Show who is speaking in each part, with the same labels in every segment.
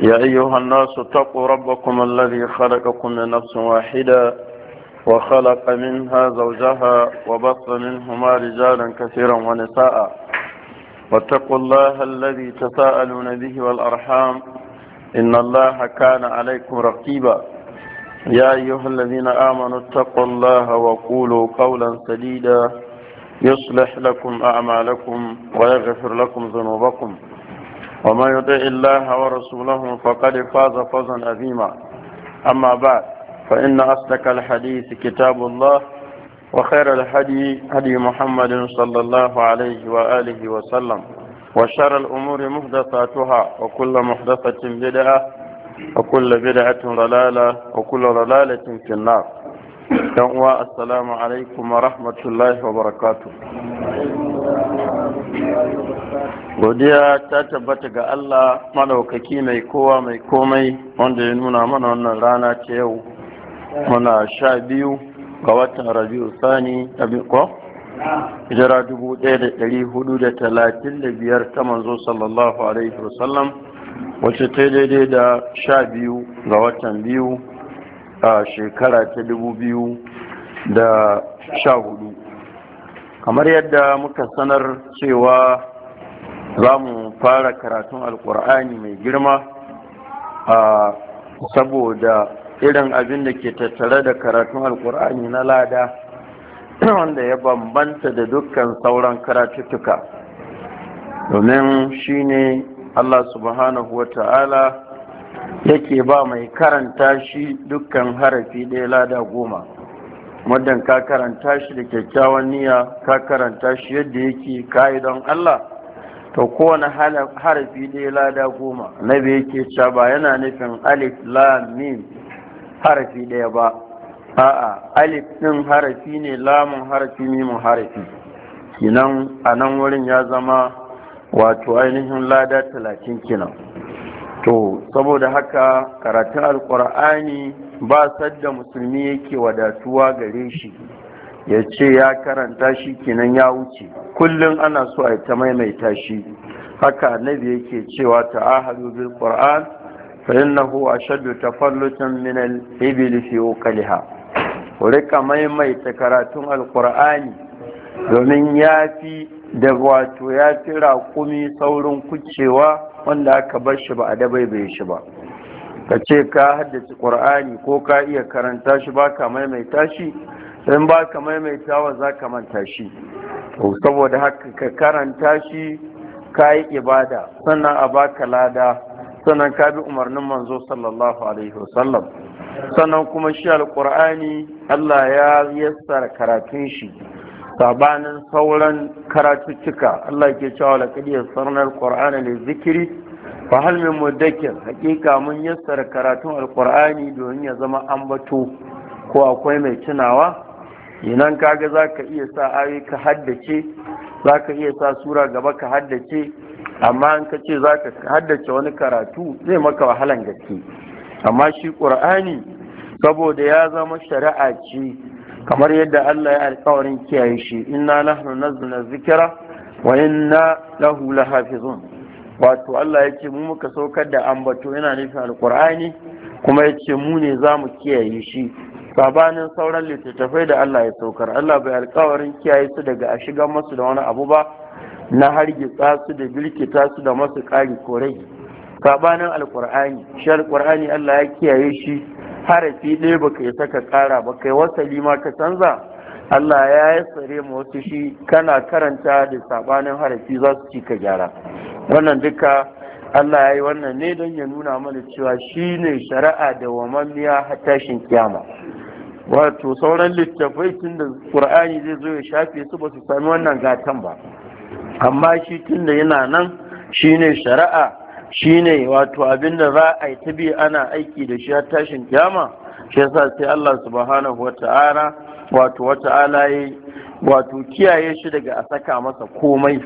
Speaker 1: يا أيها الناس اتقوا ربكم الذي خلقكم من نفس واحدة وخلق منها زوجها وبط منهما رجالا كثيرا ونساء واتقوا الله الذي تساءلون به والأرحام إن الله كان عليكم رقيبا يا أيها الذين آمنوا اتقوا الله وقولوا قولا سديدا يصلح لكم أعمالكم ويغفر لكم ذنوبكم وما يطع الله ورسوله فقد فاز فوزا عظيما أما بعد فإن أصدق الحديث كتاب الله وخير الهدي هدي محمد صلى الله عليه وآله وسلم وشر الأمور محدثاتها وكل محدثة بدعة وكل بدعة ضلالة وكل ضلالة في النار السلام عليكم ورحمة الله وبركاته godiya ta tabbata ga Allah madaukaki mai kowa mai komai wanda ya nuna mana wannan rana ta yau muna sha biyu ga watan rabiu sani ko jira dubu ɗaya da ɗari hudu da talatin da biyar ta manzo sallallahu alaihi wasallam wacce ta daidai da sha biyu ga watan biyu a shekara ta dubu biyu da sha hudu kamar yadda muka sanar cewa za mu fara karatun alkur'ani mai girma a saboda irin abin da ke tattare da karatun alkur'ani na lada wanda ya bambanta da dukkan sauran karatuttuka domin shi ne allah subhanahu wa ta'ala yake ba mai karanta shi dukkan harafi ɗaya lada goma muddin ka karanta shi da kyakkyawan niyya ka karanta shi yadda yake kayi don Allah to kowane harafi ɗaya lada goma na bai yake ca ba yana nufin alif lam mim harafi ɗaya ba a'a alif ɗin harafi ne lamun harafi mimun harafi kinan a nan wurin ya zama wato ainihin lada talatin kinan to saboda haka karatun alkur'ani ba sadda musulmi yake wadatuwa gare shi ya ce ya karanta shi kenan ya wuce kullum ana so a ta maimaita shi haka annabi yake cewa ahalu bil qur'an fa innahu ashaddu tafallutan min al ibil fi uqaliha rika maimaita karatun alqur'ani domin ya fi da wato ya fi raƙumi saurin kucewa wanda aka bar shi ba a bai shi ba ka ce ka haddace ƙur'ani ko ka iya karanta shi ba ka maimaita shi in ba ka maimaitawa za ka manta shi to saboda haka ka karanta shi ka yi ibada sannan a baka lada sannan ka bi umarnin manzo sallallahu alaihi wasallam sannan kuma shi alƙur'ani allah ya yassara karatun shi sabanin sauran karatuttuka allah ke cewa laƙadiyar sarnar ƙur'ani da zikiri fahal min muddakir hakika mun yassara karatun alkur'ani domin ya zama ambato ko akwai mai tunawa inan kaga za ka iya sa ayi ka haddace za iya sa sura gaba ka haddace amma an ka ce za haddace wani karatu zai maka wahalan gaske amma shi ƙur'ani saboda ya zama shari'a ce kamar yadda Allah ya alkawarin kiyaye shi inna nahnu nazzalna zikra wa inna lahu lahafizun wato Allah ya ce mu muka saukar da ambato yana nufin alkur'ani kuma ya ce mu ne za mu kiyaye shi sabanin sauran littattafai da Allah ya saukar Allah bai alkawarin kiyaye su daga a shigar masu da wani abu ba na hargitsa su da bilkita su da masu ƙari ko sabanin alkur'ani shi alkur'ani Allah ya kiyaye shi harafi ɗaya baka isa ka ƙara ba kai wasali ma ka canza Allah ya tsare mu wasu shi kana karanta da sabanin harafi za su ci ka gyara wannan duka Allah ya yi wannan ne don ya nuna mana cewa shi ne shari'a da mamiya har tashin kiyama wato sauran littafai tun da ƙur'ani zai zo ya shafe su ba su sami wannan gatan ba amma shi tun da yana nan shi ne shari'a shine wato abin da za a yi ta bi ana aiki da shi har tashin kiyama shi yasa sai Allah subhanahu wata'ala wato wata'ala ya wato kiyaye shi daga a saka masa komai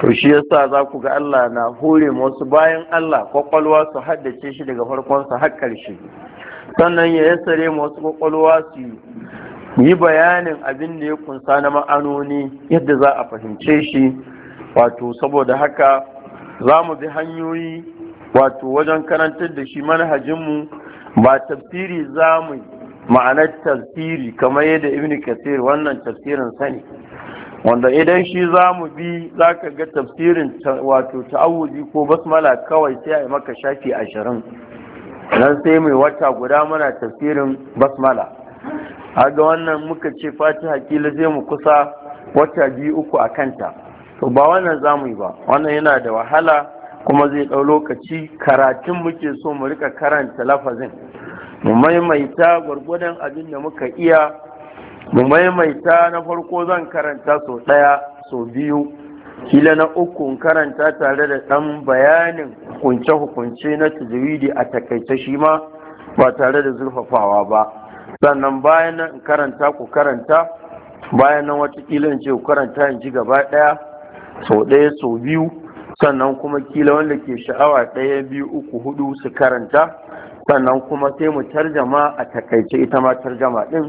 Speaker 1: to shi yasa za ku ga Allah na hore wasu bayan Allah kwakwalwa su haddace shi daga farkonsa har ƙarshe sannan ya yassare wasu kwakwalwa su yi bayanin abin da ya kunsa na ma'anoni yadda za a fahimce shi wato saboda haka za mu bi hanyoyi wato wajen karantar da shi manhajinmu ba tafsiri za mu ma'anar tafsiri kamar yadda ibn kasir wannan tafsirin sani wanda idan shi za mu bi za ka ga tafsirin wato ta'awuzi ko basmala kawai sai a yi maka shafi ashirin nan sai mai wata guda mana tafsirin basmala ga wannan muka ce fati hakila zai mu kusa wata biyu uku a kanta to ba wannan za mu yi ba wannan yana da wahala kuma zai ɗau lokaci karatun muke so mu rika karanta lafazin mu maimaita gwargwadon abin da muka iya mu maimaita na farko zan karanta sau ɗaya sau biyu kila na uku karanta tare da ɗan bayanin hukunce-hukunce na tajwidi a takaice shi ma ba tare da zurfafawa ba sannan bayan nan karanta ku karanta bayan nan watakila in ce ku karanta in ji gaba ɗaya sau ɗaya sau biyu sannan kuma kila wanda ke sha'awa ɗaya biyu uku hudu su karanta sannan kuma sai mu tarjama a takaice ita ma tarjama ɗin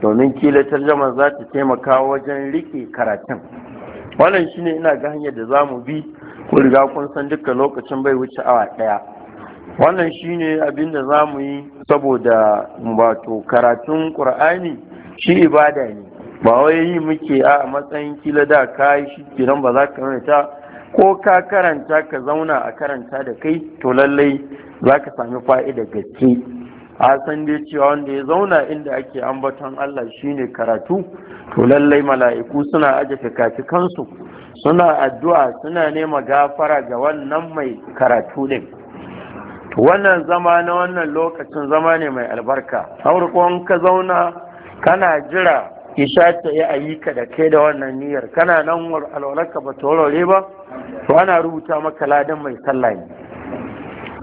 Speaker 1: domin kila tarjama za ta taimaka wajen rike karatun wannan shine ina ga hanyar da za mu bi ku riga kun san dukkan lokacin bai wuce awa ɗaya wannan shine abin da za mu yi saboda wato karatun ƙur'ani shi ibada ne ba wai yi muke a matsayin kila da kayi shi kiran ba za ka ta ko ka karanta ka zauna a karanta da kai to lallai za ka sami fa'ida gaske a san dai cewa wanda ya zauna inda ake ambaton Allah shine karatu to lallai mala'iku suna aje kansu suna addu'a suna nema gafara ga wannan mai karatu din wannan zama na wannan lokacin zama ne mai albarka farkon ka zauna kana jira isha ta yi ayyuka da kai da wannan niyyar kana nan alwalarka ba ta ba to ana rubuta maka ladan mai sallah ne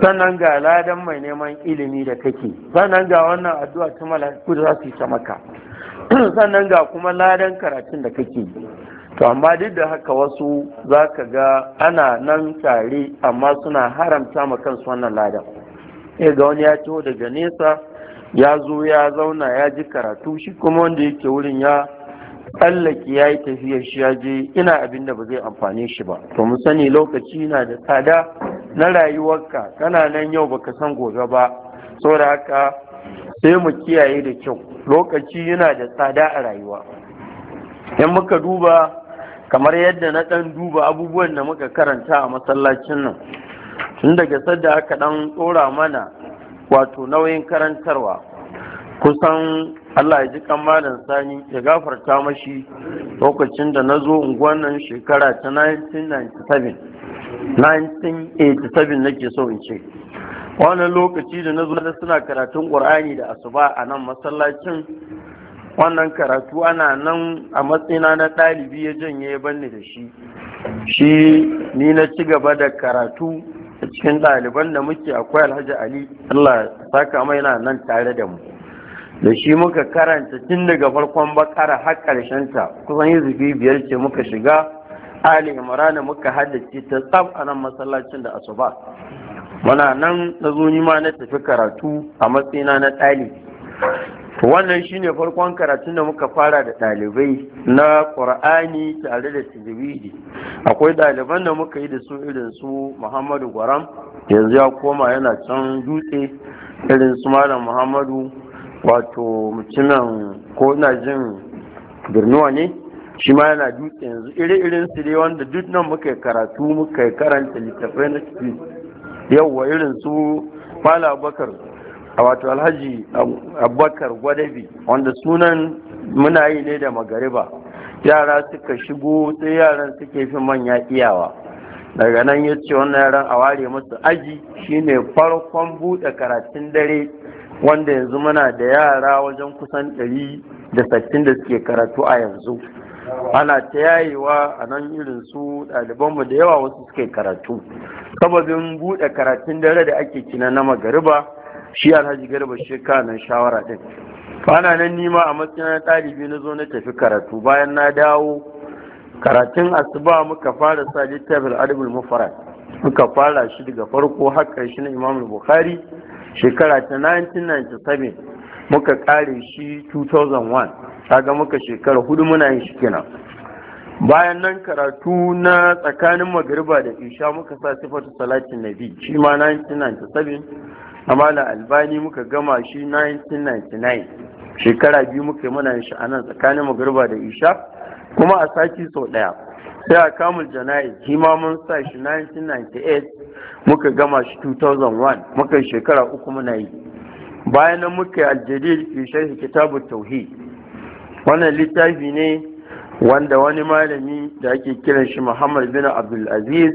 Speaker 1: sannan ga ladan mai neman ilimi da kake sannan ga wannan addu'a ta mala'iku da za su yi ta maka sannan ga kuma ladan karatun da kake to amma duk da haka wasu za ka ga ana nan tare amma suna haramta ma kansu wannan ladan e ga wani ya taho daga nesa ya zo ya zauna ya ji karatu shi kuma wanda yake wurin ya tsallake ya yi tafiyar shi ya je ina abin da ba zai amfane shi ba to mu sani lokaci na da tsada na rayuwarka kana nan yau baka san gobe ba saboda haka sai mu kiyaye da kyau lokaci yana da tsada a rayuwa in muka duba kamar yadda na ɗan duba abubuwan da muka karanta a masallacin nan tun daga sadda aka ɗan tsora mana wato nauyin karantarwa kusan Allah ya ji kamalin sani ya gafarta mashi lokacin da na zo unguwannan shekara ta 1997 1987 nake so in ce wannan lokaci da na zo da suna karatun ƙur'ani da asuba a nan masallacin wannan karatu ana nan a matsina na ɗalibi ya janye ya banni da shi shi ni na ci gaba da karatu a cikin ɗaliban da muke akwai alhaji ali allah saka mai na nan tare da mu da shi muka karanta tun daga farkon bakara har ta, kusan yuzufi biyar ce muka shiga ali imrana muka haddace ta tsaf a nan masallacin da asuba muna nan na zo ma na tafi karatu a matsayina na ɗali. wannan shine farkon karatun da muka fara da dalibai na ƙur'ani tare da tajwidi akwai daliban da muka yi da su irin su muhammadu gwaram yanzu ya koma yana can dutse irin su malam muhammadu wato mutumin ko na jin birnuwa ne shi ma yana dutse yanzu iri irin su dai wanda duk nan muka karatu muka karanta littafai na yau yawwa irin su fala abubakar a wato alhaji abubakar gwadabi wanda sunan muna yi ne da magariba yara suka shigo sai yaran suke fi manya iyawa daga nan ya ce wannan yaran a ware masu aji shine farkon buɗe karatun dare wanda yanzu muna da yara wajen kusan ɗari da sattin da suke karatu a yanzu ana ta yayewa a nan irin su ɗalibanmu da yawa wasu suke karatu sababin buɗe karatun dare da ake kina na magariba shi alhaji garba shi nan shawara ɗin ana nan nima a matsayin ɗalibi na zo na tafi karatu bayan na dawo karatun asuba muka fara sa littafin adabul mufarad muka fara shi daga farko har shi na imam bukhari shekara ta 1997 muka kare shi 2001 kaga muka shekara hudu muna yin shi kenan bayan nan karatu na tsakanin magariba da isha muka sa sifatu salatin nabi shi ma 1997 amma amala albani muka gama shi 1999 shekara biyu muka yi muna shi a nan tsakanin magariba da isha kuma a sati sau daya sai a kamun jana'i shi ma mun sa shi 1998 muka gama shi 2001 muka shekara uku muna yi bayan nan muka yi aljadir fi sharhi kitabu tauhi wannan littafi ne wanda wani malami da ake kiran shi muhammad bin abdulaziz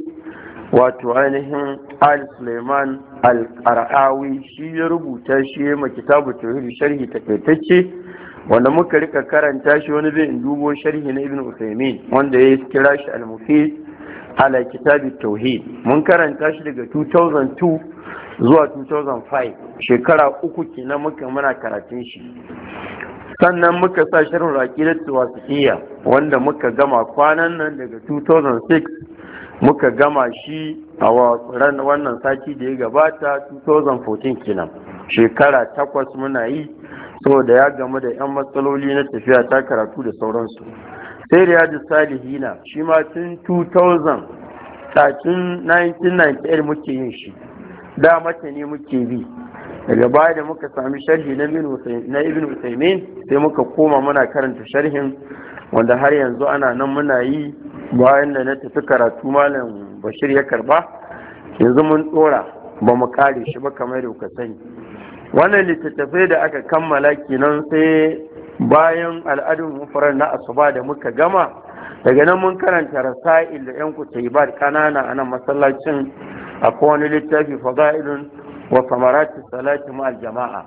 Speaker 1: wato ainihin al suleiman al-arawi shi ya rubuta shi ma kitabu tauhid sharhi takaitacce wanda muka rika karanta shi wani zai dubo sharhi na ibn usaimin wanda ya kira shi al-mufid ala kitab tauhid mun karanta shi daga 2002 zuwa 2005 shekara uku kenan muka muna karatun shi sannan muka sa shirin raqidat tuwasiƙiyya wanda muka gama kwanan nan daga 2006 muka gama shi a wannan sati da ya gabata 2014 kenan shekara takwas muna yi saboda ya gamu da 'yan matsaloli na tafiya ta karatu da sauransu sai da riyadu salihina shi ma tun 2000 tun 1998 muke yin shi da mata ne muke bi daga baya da muka sami sharhi na ibn usaimin sai muka koma muna karanta sharhin wanda har yanzu ana nan muna yi bayan da na tafi karatu malam bashir ya karba yanzu mun tsora ba mu kare shi ba kamar yau ka sani wannan littattafai da aka kammala kenan sai bayan al'adun mufarar na asuba da muka gama daga nan mun karanta rasa'il da yan da kanana a nan masallacin a wani littafi fada'ilun wa samaratu salati ma'al jama'a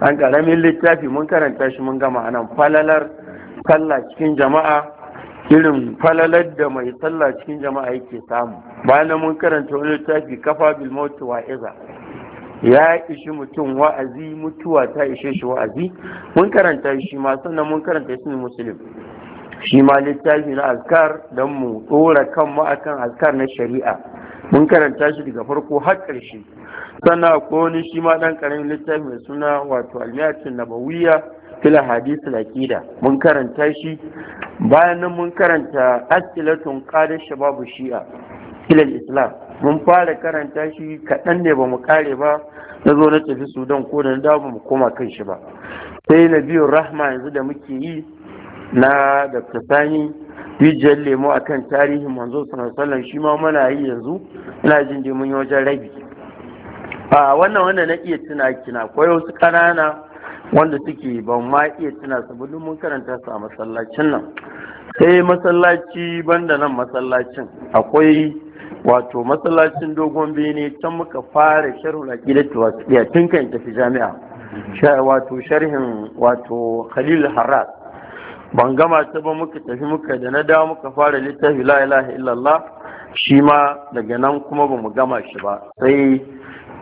Speaker 1: an karamin littafi mun karanta shi mun gama a nan falalar sallah cikin jama'a irin falalar da mai sallah cikin jama'a yake samu bayan mun karanta wani littafi kafa bil mautu wa ya ishi mutum wa'azi mutuwa ta ishe shi wa'azi mun karanta shi ma sannan mun karanta shi muslim shi ma littafi na azkar don mu kan kanmu akan azkar na shari'a mun karanta shi daga farko har ƙarshe sannan ko wani shi ma ɗan ƙaramin littafi mai suna wato almiyatun nabawiyya fil hadis al mun karanta shi bayan nan mun karanta as'ilatun qada shababu shi'a ilal islam mun fara karanta shi kaɗan ne ba mu kare ba na zo na tafi sudan ko da na dawo mu koma kan shi ba sai na biyu rahma yanzu da muke yi na dr sani rijiyar lemo akan tarihin manzo sallallahu shi ma muna yi yanzu ina jin je mun yi wajen rabi a wannan wanda na iya tuna kina koyo wasu ƙanana wanda suke ban ma iya tuna saboda mun karanta su a masallacin nan sai eh, masallaci banda nan masallacin akwai wato masallacin dogon bene can muka fara sharhu aqidatu wasiya tun kan tafi jami'a wato sharhin wato khalil harras ban gama ta ba muka tafi muka da na dawo muka fara littafi la ilaha illallah shi ma daga nan kuma ba mu gama shi ba sai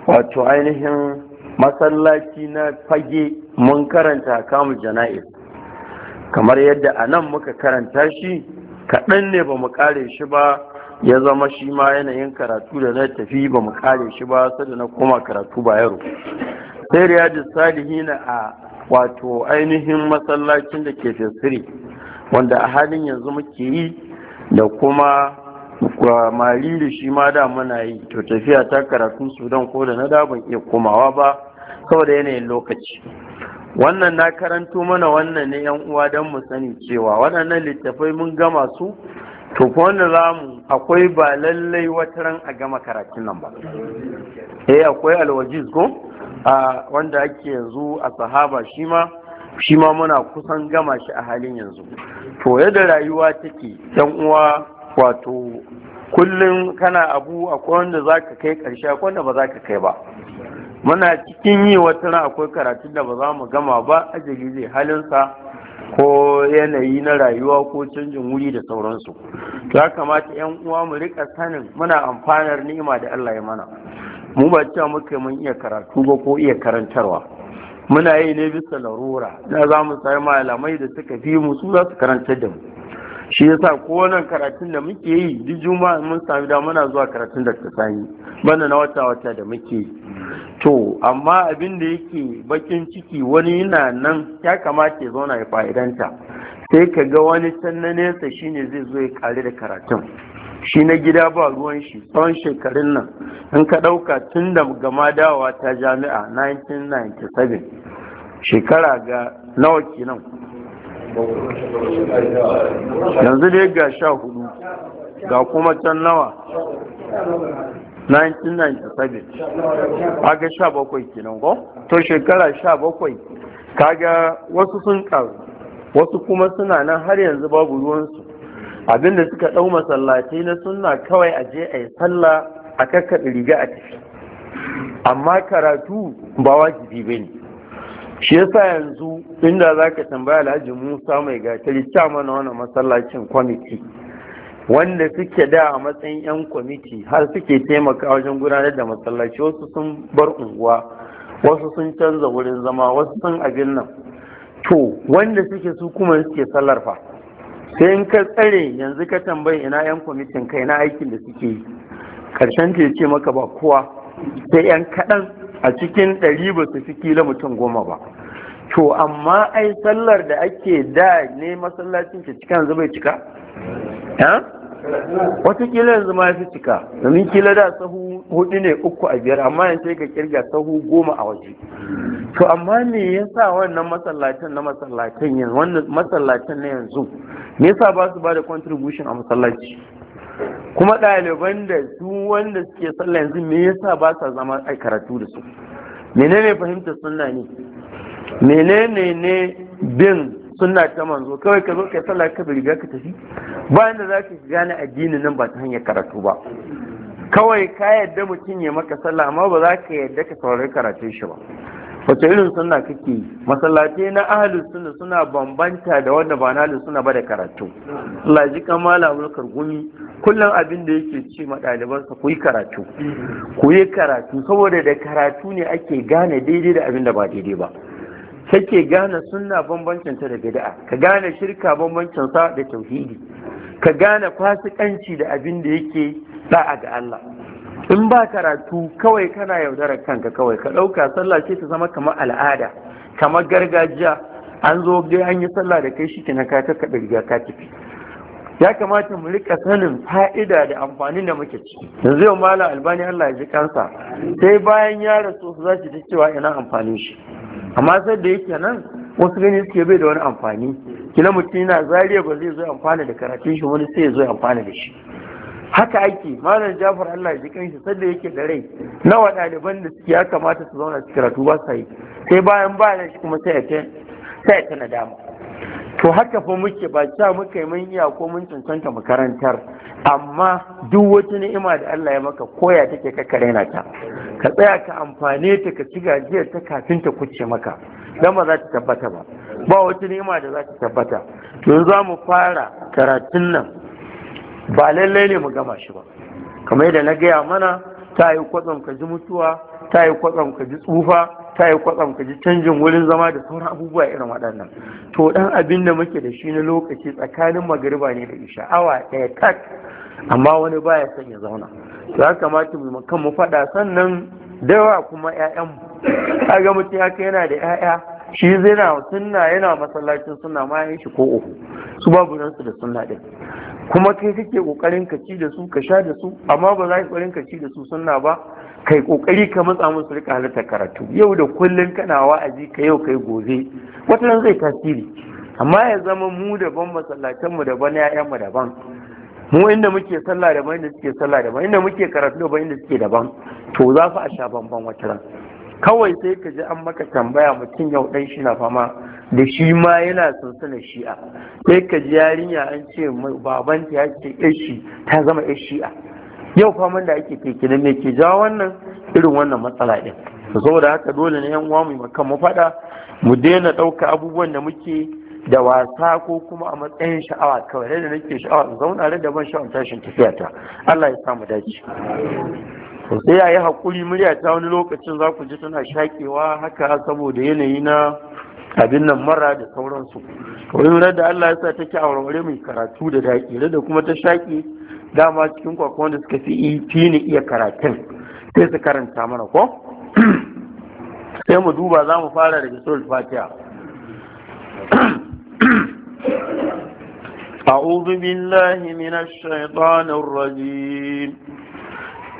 Speaker 1: wato ainihin masallaci na fage mun karanta kamun jana'is kamar yadda a nan muka karanta shi kaɗan ne ba mu ƙare shi ba ya zama shi ma yanayin karatu da na tafi ba mu ƙare shi ba sai na koma karatu ba yaro sai salihi na a wato ainihin masallacin da ke fesiri wanda a halin yanzu muke yi da kuma mariri shi ma da muna yi to tafiya ta karatun sudan ko da na da ban iya komawa ba saboda yanayin lokaci wannan na karanto mana wannan ne yan uwa don mu sani cewa waɗannan littafai mun gama su to ko za akwai ba lallai wata ran a gama karatun nan ba eh akwai alwajiz ko a wanda ake yanzu a sahaba shi ma shi ma muna kusan gama shi a halin yanzu to yadda rayuwa take yan uwa wato kullum kana abu akwai wanda za ka kai ƙarshe akwai wanda ba za ka kai ba muna cikin yi wata ran akwai karatun da ba za mu gama ba ajali zai halinsa ko yanayi na rayuwa ko canjin wuri da sauransu ya kamata yan uwa mu rika sanin muna amfanar ni'ima da Allah ya mana mu ba cewa muka mun iya karatu ba ko iya karantarwa muna yi ne bisa larura na za mu sami malamai da suka fi mu su za su karantar da mu shi yasa ko wannan karatun da muke yi duk juma'a mun sami da muna zuwa karatun da ta sani bana na wata wata da muke to amma abin da yake bakin ciki wani yana nan ya kamata ya zauna ya fa'idanta sai ka ga wani can na nesa shine zai zo ya kare da karatun shi na gida ba ruwan shi tsawon shekarun nan in ka ɗauka tun da gama dawa ta jami'a 1997 shekara ga nawa kenan yanzu ne ga sha hudu ga kuma can nawa 1997 ga sha bakwai kenan ko to shekara sha bakwai kaga wasu sun karu wasu kuma suna nan har yanzu babu ruwansu abinda suka ɗau masallatai na sunna kawai a je a yi sallah a kakkaɗe riga a tafi amma karatu ba wajibi ne shi yasa yanzu inda za ka tambaya alhaji musa mai gatari cama mana wani masallacin kwamiti wanda suke da a matsayin 'yan kwamiti har suke taimaka wajen gudanar da masallaci wasu sun bar unguwa wasu sun canza wurin zama wasu sun abin nan to wanda suke su kuma suke sallar fa sai in ka tsare yanzu ka tambayi ina 'yan kwamitin kai na aikin da suke yi karshen ce maka ba kowa sai 'yan kaɗan a cikin ɗari ba su fi kila mutum goma ba to amma ai sallar da ake da ne masallacin ke cika yanzu bai cika kila yanzu ma fi cika domin kila da sahu hudu ne uku a biyar amma yanzu ka kirga sahu goma a waje to amma me yasa wannan masallacin na masallacin yanzu wannan masallacin na yanzu me yasa ba su ba da contribution a masallaci kuma ɗaliban da su wanda suke sallah yanzu me yasa ba sa zama ai karatu da su menene fahimtar sunna ne menene ne bin sunna ta manzo kawai ka zo ka sallah ka riga ka tafi ba inda za ka gane addinin nan ba ta hanyar karatu ba kawai ka yadda mutum ya maka sallah amma ba za ka yadda ka saurari karatun shi ba wace irin suna kake masallatai na ahalus sunna suna bambanta da wanda ba na suna ba da karatu Allah ji kamala mulkar gumi kullum abin da yake ce ma ɗalibansa ku yi karatu ku yi karatu saboda da karatu ne ake gane daidai da abin da ba daidai ba kake gane suna bambancin da bid'a ka gane shirka bambancin da tauhidi ka gane fasikanci da abin da yake da'a ga Allah in ba karatu kawai kana yaudarar kanka kawai ka ɗauka sallah ce ta zama kamar al'ada kamar gargajiya an zo dai an yi sallah da kai shi ke na ka kaɗa riga ka tafi ya kamata mu rika sanin fa'ida da amfani da muke ci yanzu yau mala albani Allah ya ji kansa sai bayan ya rasu su za ta cewa ina amfani shi amma sai da yake nan wasu gani suke bai da wani amfani kila mutum yana zariya ba zai zo amfana da karatun shi wani sai ya zo amfana da shi haka ake malam jafar allah ya jikin shi sanda yake da rai nawa ɗaliban da suke ya kamata su zauna su karatu ba su yi sai bayan bayan shi kuma sai ya ta nadama to haka fa muke ba cewa muka yi mun iya ko mun cancanta makarantar amma duk wata ni'ima da Allah ya maka koya take ka karena ta ka tsaya ka amfane ta ka ci gajiyar ta kafin ta kuce maka dan ba za ta tabbata ba ba wata ni'ima da za ta tabbata to za mu fara karatun nan ba lallai ne mu gama shi ba kamar yadda na gaya mana ta yi kwatsam ka ji mutuwa ta yi kwatsam ka ji tsufa ta yi kwatsam ka ji canjin wurin zama da sauran abubuwa irin waɗannan to dan abin da muke da shi na lokaci tsakanin magariba ne da isha awa ɗaya tak amma wani baya son ya zauna ya kamata mu kan mu faɗa sannan da wa kuma ka ga mutum haka yana da 'ya'ya shi zai na sunna yana masallacin sunna ma ya shi ko uku su babu ransu da sunna din kuma kai kake kokarin ka ci da su ka sha da su amma ba za ka kokarin ka ci da su sunna ba kai kokari ka matsa musu rika halatta karatu yau da kullun kana wa'azi ka yau kai gobe wata nan zai tasiri amma ya zama mu daban masallatan mu daban yayan mu daban mu inda muke sallah daban inda suke sallah daban inda muke karatu daban inda suke daban to za su a sha bamban wata kawai sai ka ji an maka tambaya mutum yau dan shi na fama da shi ma yana sunsunan shi'a sai ka ji yarinya an ce babanta ya ce shi ta zama yar shi'a yau faman da ake keke da me ke jawo wannan irin wannan matsala din saboda haka dole ne yan uwa mu makan mu daina ɗauka abubuwan da muke da wasa ko kuma a matsayin sha'awa kawai da nake sha'awa in zauna da ban sha'awar tashin tafiya ta Allah ya samu dace sai ya yi hakuri murya ta wani lokacin za ku ji tana shakewa haka saboda yanayi na abin nan mara da sauransu wani da Allah ya sa ta take aure mai karatu da daƙi da kuma ta shaƙi dama cikin kwakwan da suka fi fi ne iya karatun sai su karanta mana ko sai mu duba za mu fara daga surat fatiha أعوذ بالله من الشيطان الرجيم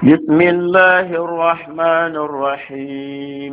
Speaker 1: بسم الله الرحمن الرحيم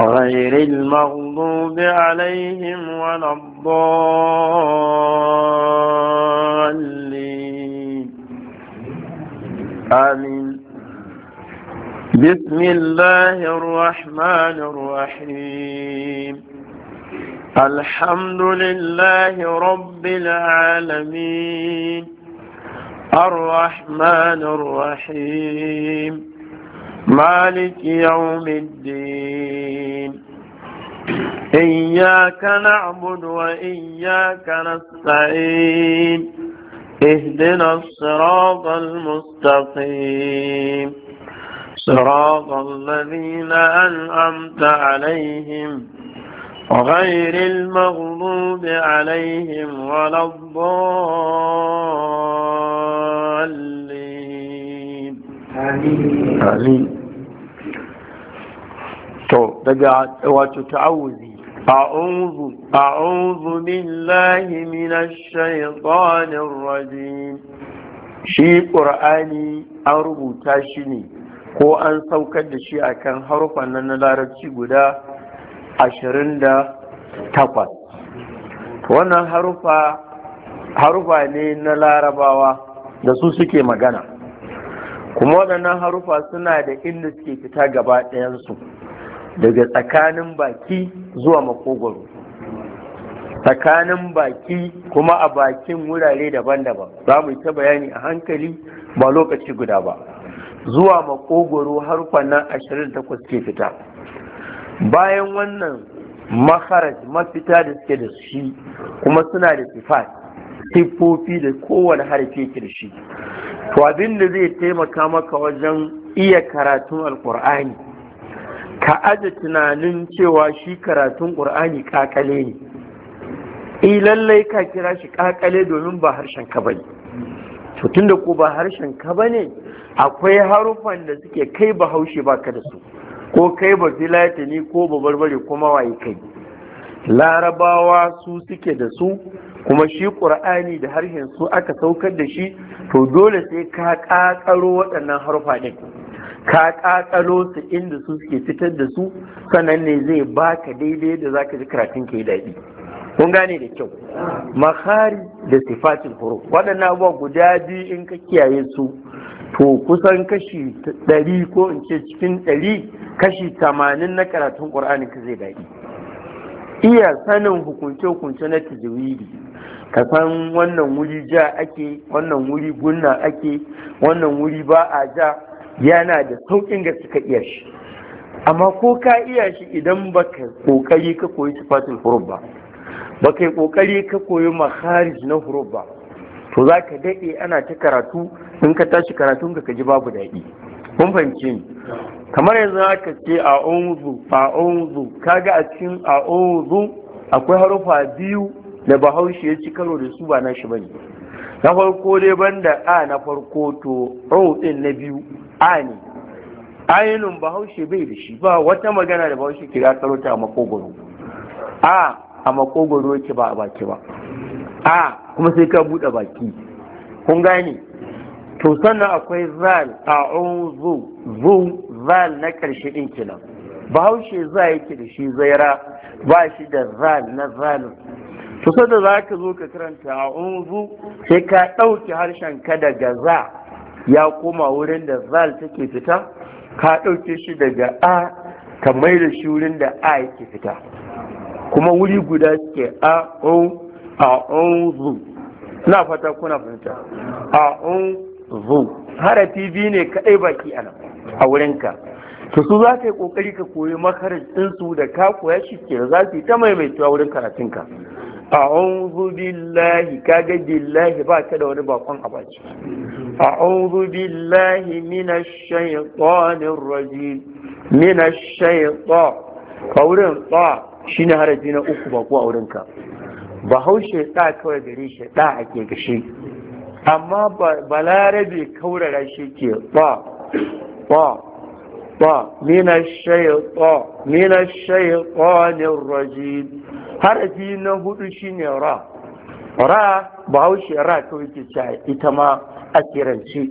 Speaker 1: غير المغضوب عليهم ولا الضالين
Speaker 2: آمين بسم
Speaker 1: الله الرحمن الرحيم الحمد لله رب العالمين الرحمن الرحيم مالك يوم الدين إياك نعبد وإياك نستعين اهدنا الصراط المستقيم صراط الذين أنعمت عليهم غير المغضوب عليهم ولا الضالين آمين آمين تو دقعت تعوذي أعوذ أعوذ بالله من الشيطان الرجيم shi ƙur'ani an rubuta shi ne ko an saukar da shi akan kan nan na larabci guda ashirin da takwas wannan harufa ne na larabawa da su suke magana kuma waɗannan harufa suna da inda suke fita gaba ɗayansu daga tsakanin baki zuwa makogwaro tsakanin baki kuma a bakin wurare daban-daban za mu yi ta bayani a hankali ba lokaci guda ba zuwa makogwaro har kwanan 28 ke fita bayan wannan
Speaker 3: maharaj
Speaker 1: mafita da suke da shi kuma suna da sifat siffofi da kowane harfe ke da shi to abin da zai taimaka maka wajen iya karatun alkur'ani ka aje tunanin cewa shi karatun ƙur'ani ƙaƙale ne e lallai ka kira shi ƙaƙale domin ba harshen ka bane to tunda ko ba harshen ka bane akwai harufan da suke kai ba haushe baka da su ko kai ba ne ko ba barbare kuma waye kai larabawa su suke da su kuma shi ƙur'ani da harshen su aka saukar da shi to dole sai ka ƙaƙaro waɗannan harufa ɗin ka ƙaƙalo su inda su suke fitar da su sannan ne zai baka daidai da zaka ji karatun ke daɗi kun gane da kyau makari da sifatin huruf waɗannan abubuwa guda biyu in ka kiyaye su to kusan kashi ɗari ko in ce cikin ɗari kashi tamanin na karatun ƙur'anin ka zai daɗi iya sanin hukunce-hukunce na tajwidi ka san wannan wuri ja ake wannan wuri gunna ake wannan wuri ba a ja yana da saukin gaske ka iya shi amma ko ka iya shi idan baka kokari ka koyi tufatin huruf ba baka yi kokari ka koyi makharij na huruf ba to za ka daɗe ana ta karatu in ka tashi karatun ka kaji babu daɗi kun fahimci ni kamar yanzu aka ce a unzu a ka kaga a cikin a onzu akwai harufa biyu da bahaushe ya ci karo da su ba na shi bane na farko dai banda a na farko to o na biyu ne, ainun bahaushe bai da shi ba wata magana da bahaushe ke ya karo ta a makogoro a a makogoro yake ba a baki ba a kuma sai ka buɗe baki kun gane to sannan akwai zal a zu zu zal na ƙarshe ɗin kenan bahaushe za yake da shi zaira ba shi da zal na zal to da za ka zo ka karanta a unzu sai ka ɗauki harshen ka daga za ya koma wurin da zal take fita ka ɗauke shi daga a ka mai da shi wurin da a yake fita kuma wuri guda ke a o a zu na fata kuna fahimta a zu harafi biyu ne kaɗai baki a nan a wurinka to su za ka yi ƙoƙari ka koyi makarar su da ka koya shi ke za su yi ta maimaitawa wurin karatunka a'udhu billahi kaga billahi ba ka da wani bakon a baki a'udhu billahi minash shaitanir rajim minash shaitan ka wurin shine harafi na uku ba ko a wurin ka ba haushe ta kawai gare shi ta ake gashi amma balarabe kaurara shi ke ba harafi na hudu shine ra ra bahaushe ra kawai ke cewa ita ma a kiranci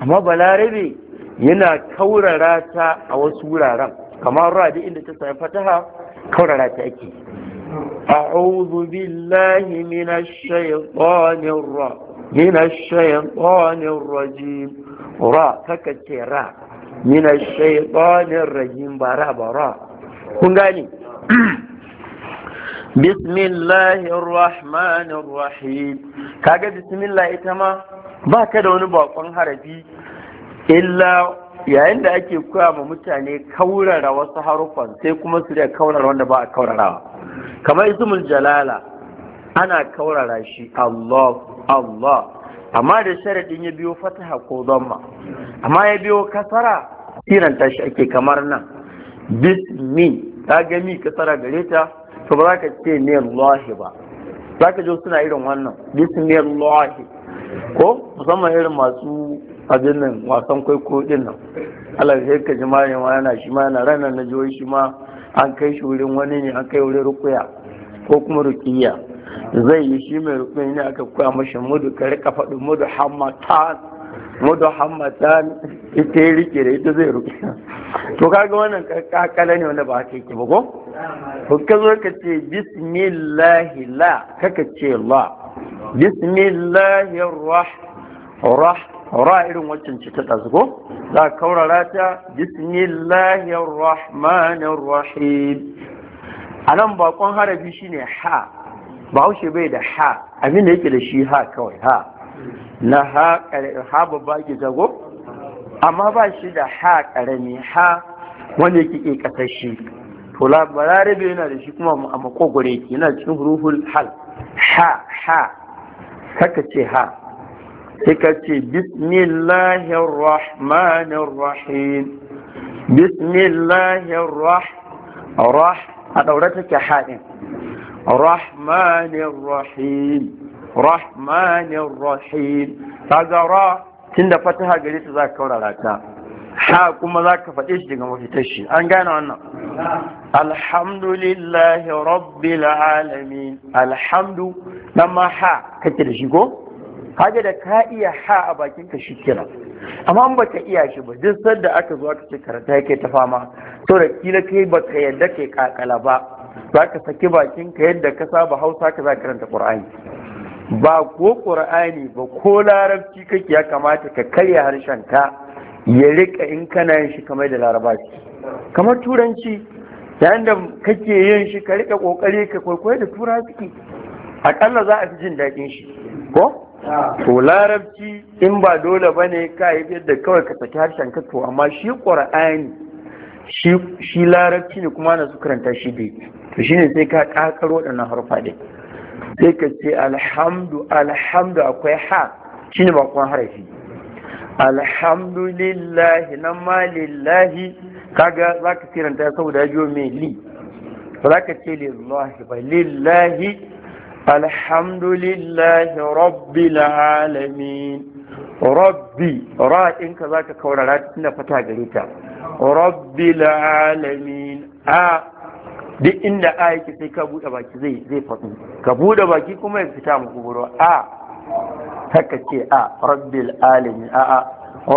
Speaker 1: amma balarabe yana kaurara ta a wasu wuraren kamar ra da inda ta sami fataha kaurara ta ake أعوذ بالله من الشيطان الرا من الشيطان الرجيم را ككتي من الشيطان الرجيم برا برا كنغاني bismillahir rahmanir rahim kaga bismillah ita ma baka da wani bakon harafi illa yayin da ake koya ma mutane kaurara wasu haruffan sai kuma su da kaurara wanda ba a kaurarawa kamar ismul jalala ana kaurara shi Allah Allah amma da sharadin ya biyo fataha ko zama amma ya biyo kasara tiranta shi ake kamar nan bismi ta gami kasara gare ta to ba za ka ce lahi ba za ka ji suna irin wannan lahi ko musamman irin masu abin nan wasan kwaikwayo din nan Allah sai ka ji ne ma yana shi ma yana ranar na jihohi shi ma an kai shi wurin wani ne an kai wurin rukuya ko kuma rukiya zai yi shi mai rukuya ne aka koya mashi mudu ka rika faɗi mudu hamatan mudu hamatan ita ya rike da ita zai rukuya to kaga wannan kakakala ne wanda ba haka yake ba ko ka zo ka ce bismillahi la kaka ce la bismillahi rah rah ra irin waccan ce ta ɗazu ko za ka kaurara ta bismillahi rahmanir rahim a nan bakon harafi shine ha bahaushe bai da ha abin da yake da shi ha kawai ha na ha ha babba ke zago amma ba shi da ha karami ha wanda yake ƙasashe. fula balarabe yana da shi kuma a makogware ke yana cikin huruful hal ha ha haka ce ha sai ka ce bismillahirrahmanirrahim rahmanir rahim rah rah a daure take ha din fataha gare ta za ka kaurara ta ha kuma za ka faɗe shi daga mafitar shi an gane wannan alhamdulillahi rabbil alamin alhamdu nan ma ha kake da shi ko kaga da ka iya ha a bakin ka shi kira amma in baka iya shi ba duk sanda aka zo aka ce karanta yake ta fama to da kila kai baka yadda kai kakala ba za ka saki bakin ka yadda ka saba hausa ka za karanta qur'ani ba ko qur'ani ba ko larabci kake ya kamata ka karya harshen ka ya rika in kana yin shi kamar da laraba kamar turanci yayin da kake yin shi ka rika kokari ka kwaikwayo da turanci akalla za a fi jin daɗin shi ko to larabci in ba dole ba ne ka yi yadda kawai ka saki harshen ka to amma shi ƙur'ani shi larabci ne kuma na su karanta shi dai to shine sai ka ƙaƙaro waɗannan harfa dai sai ka ce alhamdu alhamdu akwai ha shine ba bakon harafi alhamdulillahi nan ma lillahi kaga za ka kiranta da yajo mai li za ka ce lillahi ba lillahi alhamdulillahi rabbi alamin rabbi ra'inka za ka kaurara tun da fata gare ta rabbi alamin a duk inda a yake sai ka bude baki zai zai faɗi ka bude baki kuma ya fita muku a haka ce a rabbil alami a a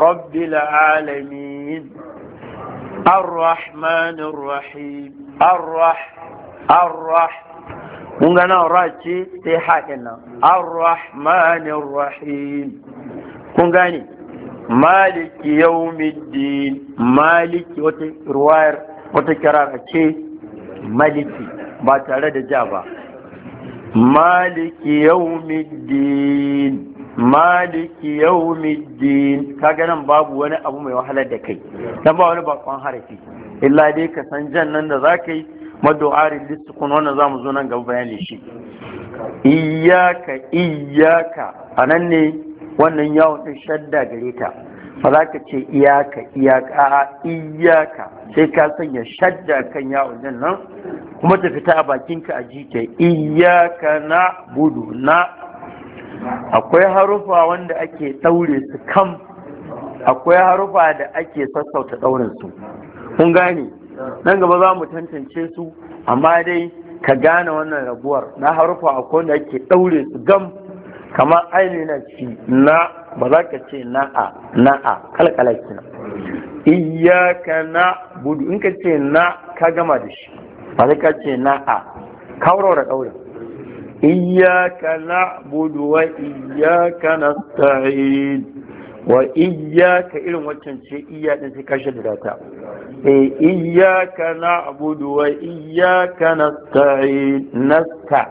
Speaker 1: rabbil alamin الرحمن الرحيم الرح الرح kun gana race sai haɗin nan arrahmanir rahim kun gane maliki yawmiddin maliki wata ruwayar wata kirara ce maliki ba tare da ja ba maliki yawmiddin maliki yawmiddin kaga nan babu wani abu mai wahalar da kai dan ba wani bakon harafi illa dai ka san jan nan da zaka yi madu'ari lisukun za zamu zo nan gaba bayani shi iyaka, iyyaka anan ne wannan yawon din shadda gare ta ba za ka ce iyaka iyaka a iyaka sai ka sanya shadda kan yawon din nan kuma ta fita a bakinka a jike iyaka na budu na akwai harufa wanda ake daure su kam akwai harufa da ake sassauta daurin su kun gane nan gaba za mu tantance su amma dai ka gane wannan rabuwar na harufa akwai wanda ake daure su gam kamar aini na ci na ba za ka ce na'a na'a kalkala kina iyaka na budu in ka ce na ka gama da shi ba za ka ce na'a da daurin إياك نعبد وإياك نستعين وإياك إلو وتنشي إياك نتكشف ذاتا إياك نعبد وإياك نستعين نستع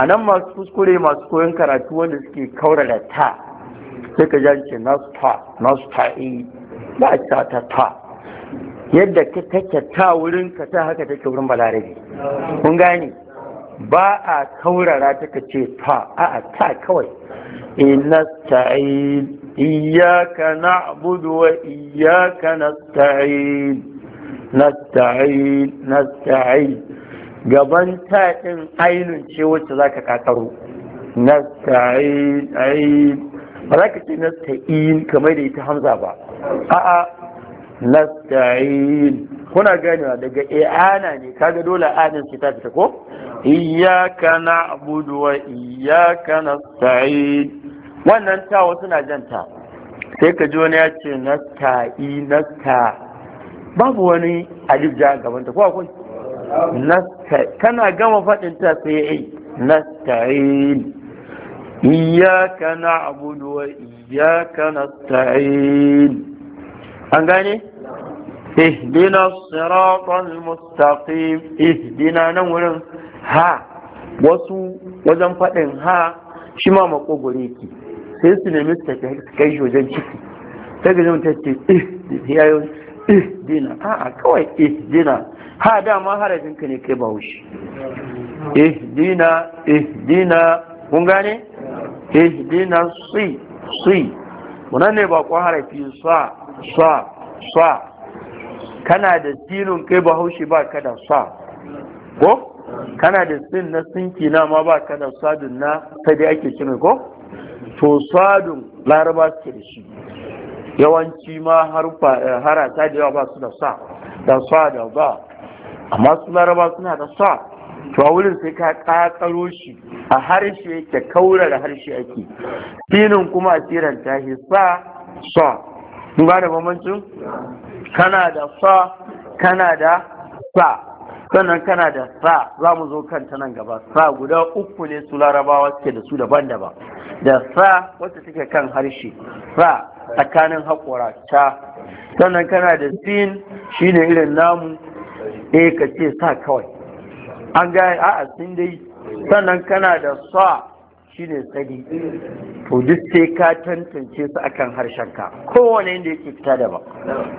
Speaker 1: أنا ما سكولي ما سكوين كراتوان ونسكي كورا لتا سكا جانشي نستع نستعين لا أتاتا تا yadda ka take ta wurin ka ta haka take wurin balarabi kun gane ba a taurara ta ka ce fa a ta kawai inna ta'in iyyaka na'budu wa iyyaka nasta'in nasta'in nasta'in gaban ta din ainun ce wacce zaka kakaro nasta'in ai ba za ka ce nasta'in kamar da ita hamza ba a'a nasta'in kuna ganewa daga i'ana ne kaga dole anin ki ta fita ko iyyaka na'budu wa iyyaka nasta'in wannan ta wasu na janta sai ka ji wani ya ce nasta'i nasta babu wani alif ja gaban ta ko akwai nasta kana gama fadin ta sai ai nasta'in iyyaka na'budu wa iyyaka nasta'in an gane ihdina siratal mustaqim ihdina nan wurin ha wasu wajen faɗin ha shi ma makogore ki sai su nemi su tafi kai shi wajen ciki sai ta zama tace ihdina ihdina a'a kawai ihdina ha dama harafin ka ne kai Ih dina, ihdina ihdina kun gane ihdina si si wannan ne ba ko harafi sa sa sa kana da sinin kai bahaushe ba ka da sa ko kana da sin na sinki na ma ba ka da sadun na ta dai ake cire ko to sadun laraba ke da shi yawanci ma ta eh, da yawa ba su da sa da sa da ba amma su laraba suna da sa to a wurin sai ka kakaro shi a harshe yake kaura da harshe ake sinin kuma a tiranta hisa sa ba da bambancin kana da sa kana da sa sannan kana da sa za mu zo kanta nan gaba sa guda uku ne su larabawa suke da su daban-daban da sa wacce take kan harshe sa tsakanin haƙora ta sannan kana da sin shine irin namu E, ka ce sa kawai an gaya a'a sin dai sannan kana da sa ne sadi to duk sai ka tantance su akan ka. kowane inda yake fita daban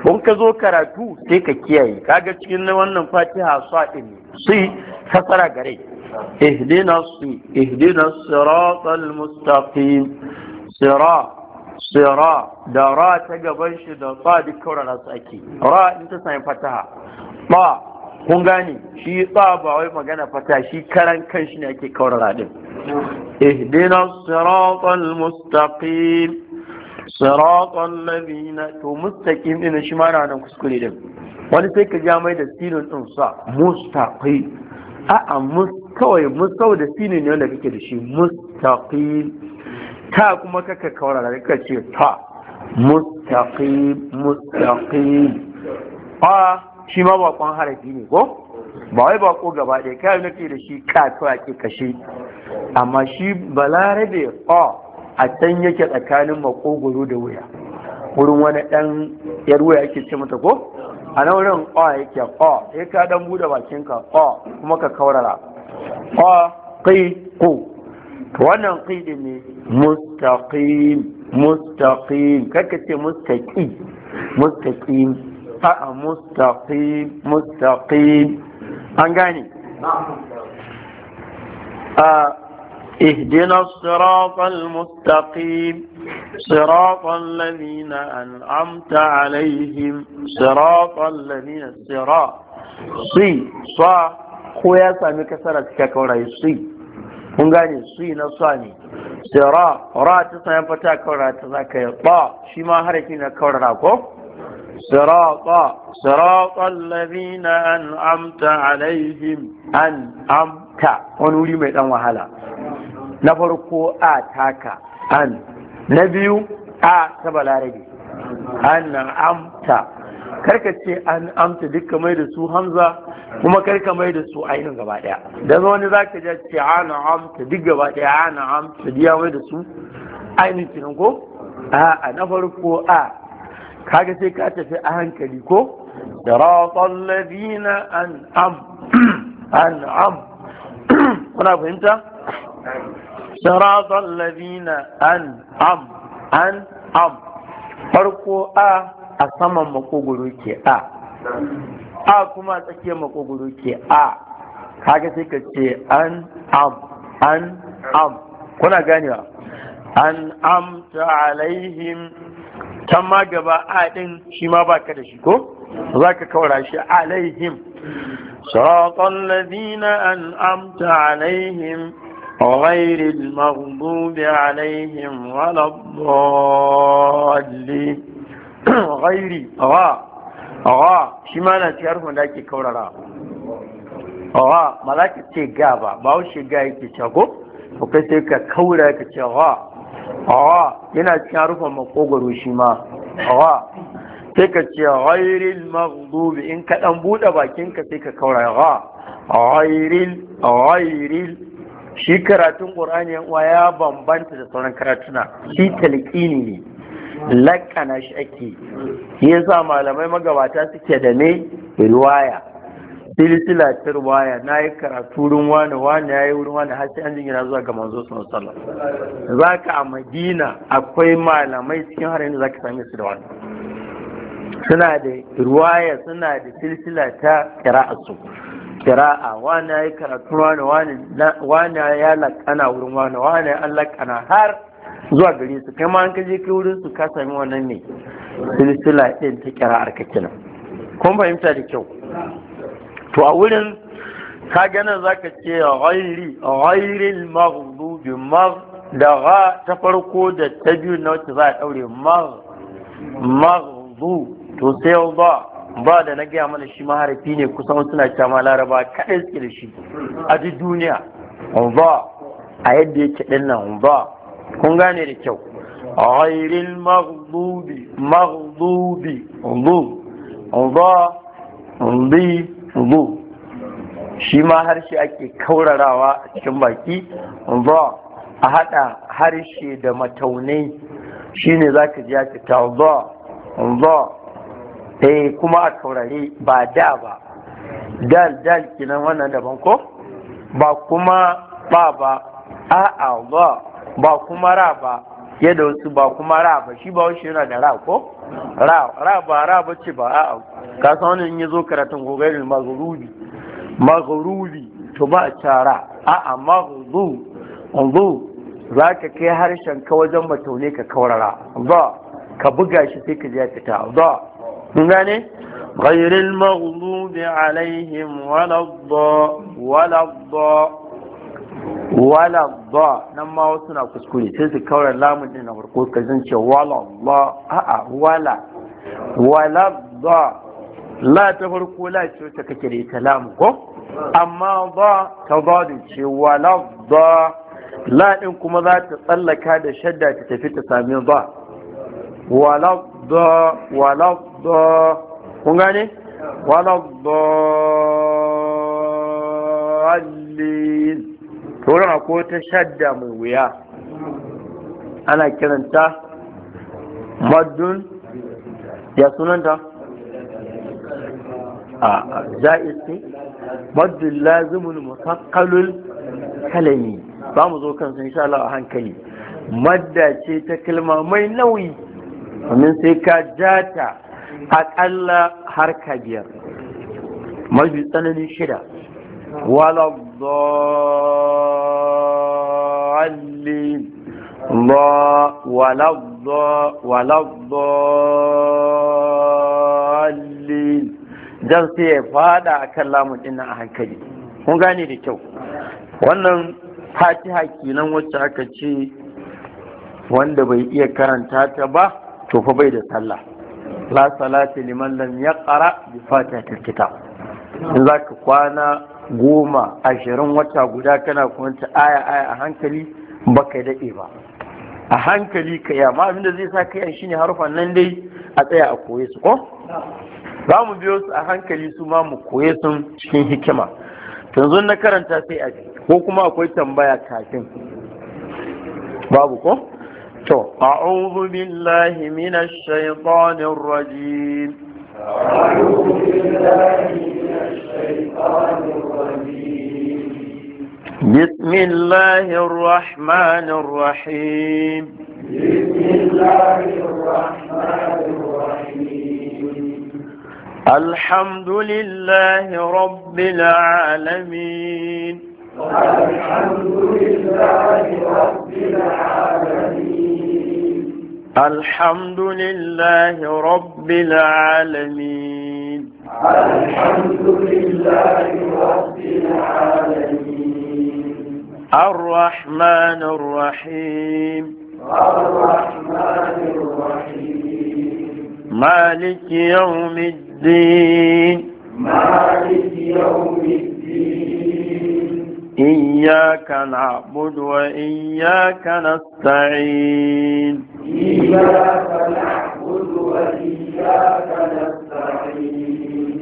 Speaker 1: in ka zo karatu sai ka kiyaye kaga cikin wannan fatiha sa'in sai fasara gare ihdina si ihdina siratal mustaqim sira sira da ra ta gaban shi da ba duk kaurara su ake ra in ta sami fataha ba kun gane shi ba ba wai magana fata shi karan kan shi ne ake kaurara din اهدنا الصراط المستقيم صراط الذين to ان din shi ma na nan wani sai ka ja mai da sinin din sa mustaqim a'a mus kawai mustaw da sinin ne wanda kake da shi mustaqim ta kuma kaka da kake ce ta mustaqim mustaqim a shi ma bakon harafi ne ko ba wai bako gaba ɗaya kayan nake da shi ka a ke kashe amma shi balarabe a a can yake tsakanin makogoro da wuya wurin wani ɗan yar wuya yake ce mata ko a nan wurin a yake a sai ka dan bude bakinka a kuma ka kaurara a kai ko wannan kai ne mustaqim mustaqim kaka ce mustaqim a'a mustaqim mustaqim أنقاني اهدنا الصراط المستقيم صراط الذين أنعمت عليهم صراط الذين صراط صي صا خويا سامي كسرت كاكوراي صي هنغاني صي نصاني صراط راتي سامي فتاكوراي تذاكي طا شما هركينا كوراكو صراط صراط الذين أنعمت عليهم أنعمت ونولي ميدان هلا نفرقو آتاكا أن نبيو آ سبلا ربي أنعمت karka ce an amta duka mai da su hamza kuma karka mai da su ainihin gaba daya dan wani za ka ce ana amta duk gaba daya ana amta diya mai da su ainihin ko a na farko a kaga sai ka tafi a hankali ko siratan ladina an'am an'am kuna fahimta siratan ladina an'am an'am farko a a saman makogoro ke a a kuma tsakiyar makogoro ke a kaga sai ka ce an am an am kuna ganewa an ta alaihim tamma gaba a din shi ma baka da shi ko zaka kaura shi alaihim siratal ladina غير المغضوب عليهم ولا الضالين غير غا غا شما نتعرف من ذلك كورا را غا ملاك تيغابا باو شيغا يكي تشاكو وكي كورا يكي awa yana cikin harufan makogwaro shi ma awa sai ka ce ghairil maghdubi in kaɗan buɗe bude bakinka sai ka kaura gha ghairil ghairil shi karatun qur'ani yan uwa ya bambanta da sauran karatuna shi talqini ne lakana shi ake yasa malamai magabata suke da me riwaya silsila ta ruwaya na yi karatu wurin wani wani ya yi wurin wani har sai an jingina zuwa ga manzo sun sallah za ka a madina akwai malamai cikin harin da za ka same su da wani suna da ruwaya suna da silsila ta kira'a su kira'a wani ya yi karatu wani wani ya lakana wurin wani wani ya lakana har zuwa gare su kai ma an kaje kai wurin su ka sami wannan ne silsila ɗin ta kira'ar ka kenan kun fahimta da kyau to a wurin ka ganin za ka ce ghairi ghairil maghdubi mag da ga ta farko da ta biyu na wacce za a daure mag maghdu to sai ba ba da na gaya mana shi maharafi ne kusan suna cewa laraba kaɗai suke da shi a duk duniya ba a yadda yake ɗin nan ba kun gane da kyau ghairil maghdubi maghdubi ba ba zo shi ma harshe ake kaurarawa a cikin baki Zo, a haɗa harshe da mataunai ne za ka ji ya fita zo za eh kuma a kaurare ba da ba dal dal kinan wannan daban ko ba kuma ba ba a'a za ba kuma ra ba fiye da wasu ba kuma ra ba shi ba wasu yana da ra ko ra ba ra ba ce ba a'a ka san wani in ya zo karatun gogarin maghrubi maghrubi to ba a cara a'a maghzu anzu za ka kai harshen ka wajen mataune ka kaurara za ka buga shi sai ka je fita za kun gane ghairil maghdubi alaihim wala wala wala ba nan ma wasu na kuskure sai su kawar lamun din na farko ka ce wala ba a'a wala wala ba la ta farko la ce ta kake da ita lamun ko amma ba ta da ce wala ba la din kuma za ta tsallaka da shadda ta tafi ta sami ba wala ba wala ba kun gane wala ba sauran ko ta shadda mai wuya ana kiranta maddun ya sunanta a za'isti maddun lazimin musakkalul kalami ba mu zo kansu insha Allah a hankali madda ce ta kalma mai nauyi domin sai ka jata aƙalla harka biyar mafi tsananin shida ولا الضالين ولا ولا الضالين dan sai ya fada akan lamun din a hankali kun gane da kyau wannan fatiha kenan wacce aka ce wanda bai iya karanta ta ba to fa bai da sallah la salati liman lam yaqra bi fatihatil kitab in zaka kwana goma ashirin wata guda kana kwanta aya aya a hankali ba ka daɗe ba a hankali ka yi amma abinda zai sa ka yi ne harufan nan dai a tsaya a koye su ko za mu biyo su a hankali su ma mu koye sun cikin hikima yanzu na karanta sai a ko kuma akwai tambaya kafin babu ko to a'udhu billahi minash shaitanir rajim بسم الله الرحمن الرحيم بسم
Speaker 4: الله الرحمن الرحيم
Speaker 1: الحمد لله رب العالمين الحمد لله
Speaker 4: رب العالمين
Speaker 1: الحمد لله رب العالمين
Speaker 4: الحمد لله رب العالمين
Speaker 1: الرحمن الرحيم الرحمن الرحيم مالك يوم الدين مالك يوم الدين إياك نعبد وإياك نستعين إياك
Speaker 4: نعبد وإياك
Speaker 1: نستعين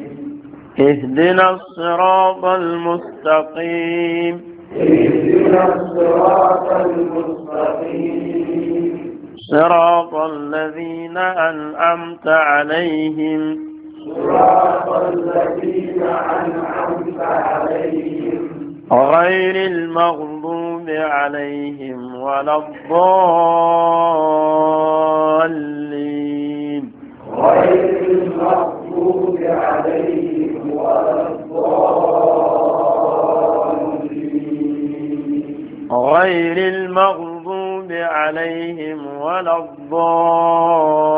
Speaker 1: اهدنا الصراط المستقيم اهدنا الصراط المستقيم صراط الذين أنعمت عليهم
Speaker 4: صراط الذين أنعمت
Speaker 1: عليهم غير المغضوب عليهم ولا الضالين غير
Speaker 4: المغضوب عليهم ولا الضالين
Speaker 1: غير المغضوب عليهم ولا الضالين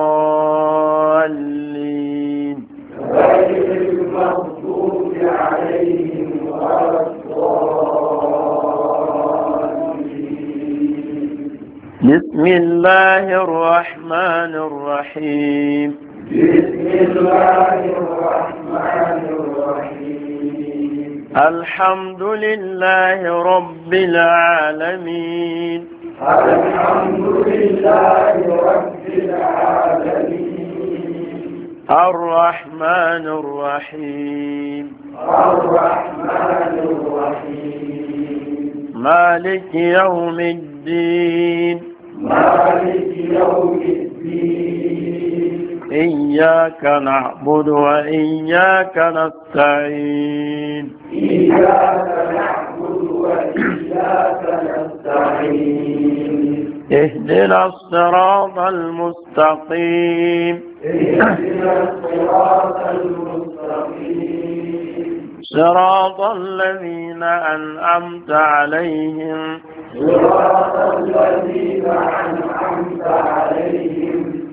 Speaker 1: بسم الله الرحمن الرحيم بسم الله
Speaker 4: الرحمن الرحيم
Speaker 1: الحمد لله رب العالمين الحمد لله
Speaker 4: رب العالمين
Speaker 1: الرحمن الرحيم الرحمن
Speaker 4: الرحيم
Speaker 1: مالك يوم الدين
Speaker 4: مالك يوم الدين
Speaker 1: إياك نعبد وإياك نستعين
Speaker 4: إياك نعبد وإياك نستعين
Speaker 1: اهدنا الصراط المستقيم اهدنا
Speaker 4: الصراط المستقيم
Speaker 1: صراط الذين أنعمت عليهم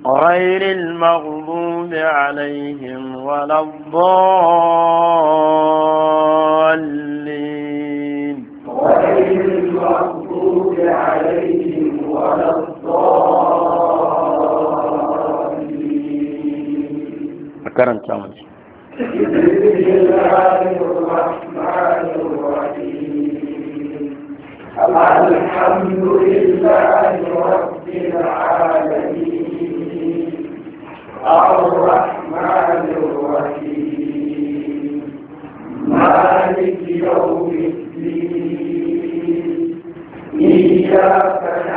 Speaker 1: غير المغضوب عليهم ولا الضالين
Speaker 4: غير المغضوب عليهم ولا الضالين
Speaker 1: أكرم كامل
Speaker 4: بسم الله الرحمن الرحيم الحمد لله رب العالمين الرحمن الرحيم مالك يوم الدين إياك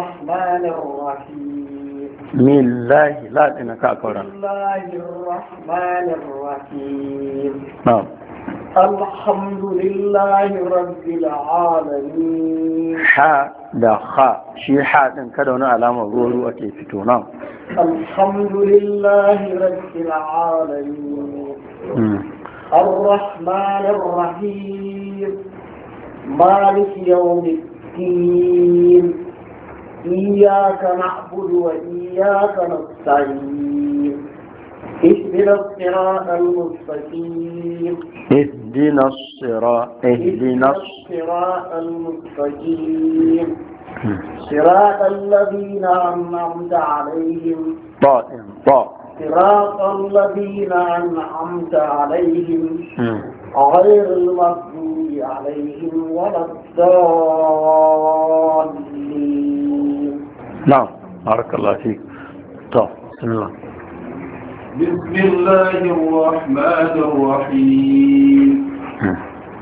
Speaker 5: الرحمن الرحيم
Speaker 1: بسم الله لا إنك أكبر بسم
Speaker 5: الله الرحمن الرحيم نعم الحمد لله رب العالمين
Speaker 1: حا da ha shi ha din kada wani alamar roro ake fito nan
Speaker 5: alhamdulillahi rabbil alamin الرحمن الرحيم مالك يوم الدين إياك نعبد وإياك نستعين اهدنا الصراط المستقيم
Speaker 1: اهدنا الصراط اهدنا
Speaker 5: الصراط المستقيم صراط الذين أنعمت عليهم
Speaker 2: طائم طائم
Speaker 5: صراط الذين أنعمت عليهم غير المغضوب عليهم ولا الضالين
Speaker 3: نعم
Speaker 1: بارك الله فيك طب بسم الله
Speaker 2: بسم الله الرحمن الرحيم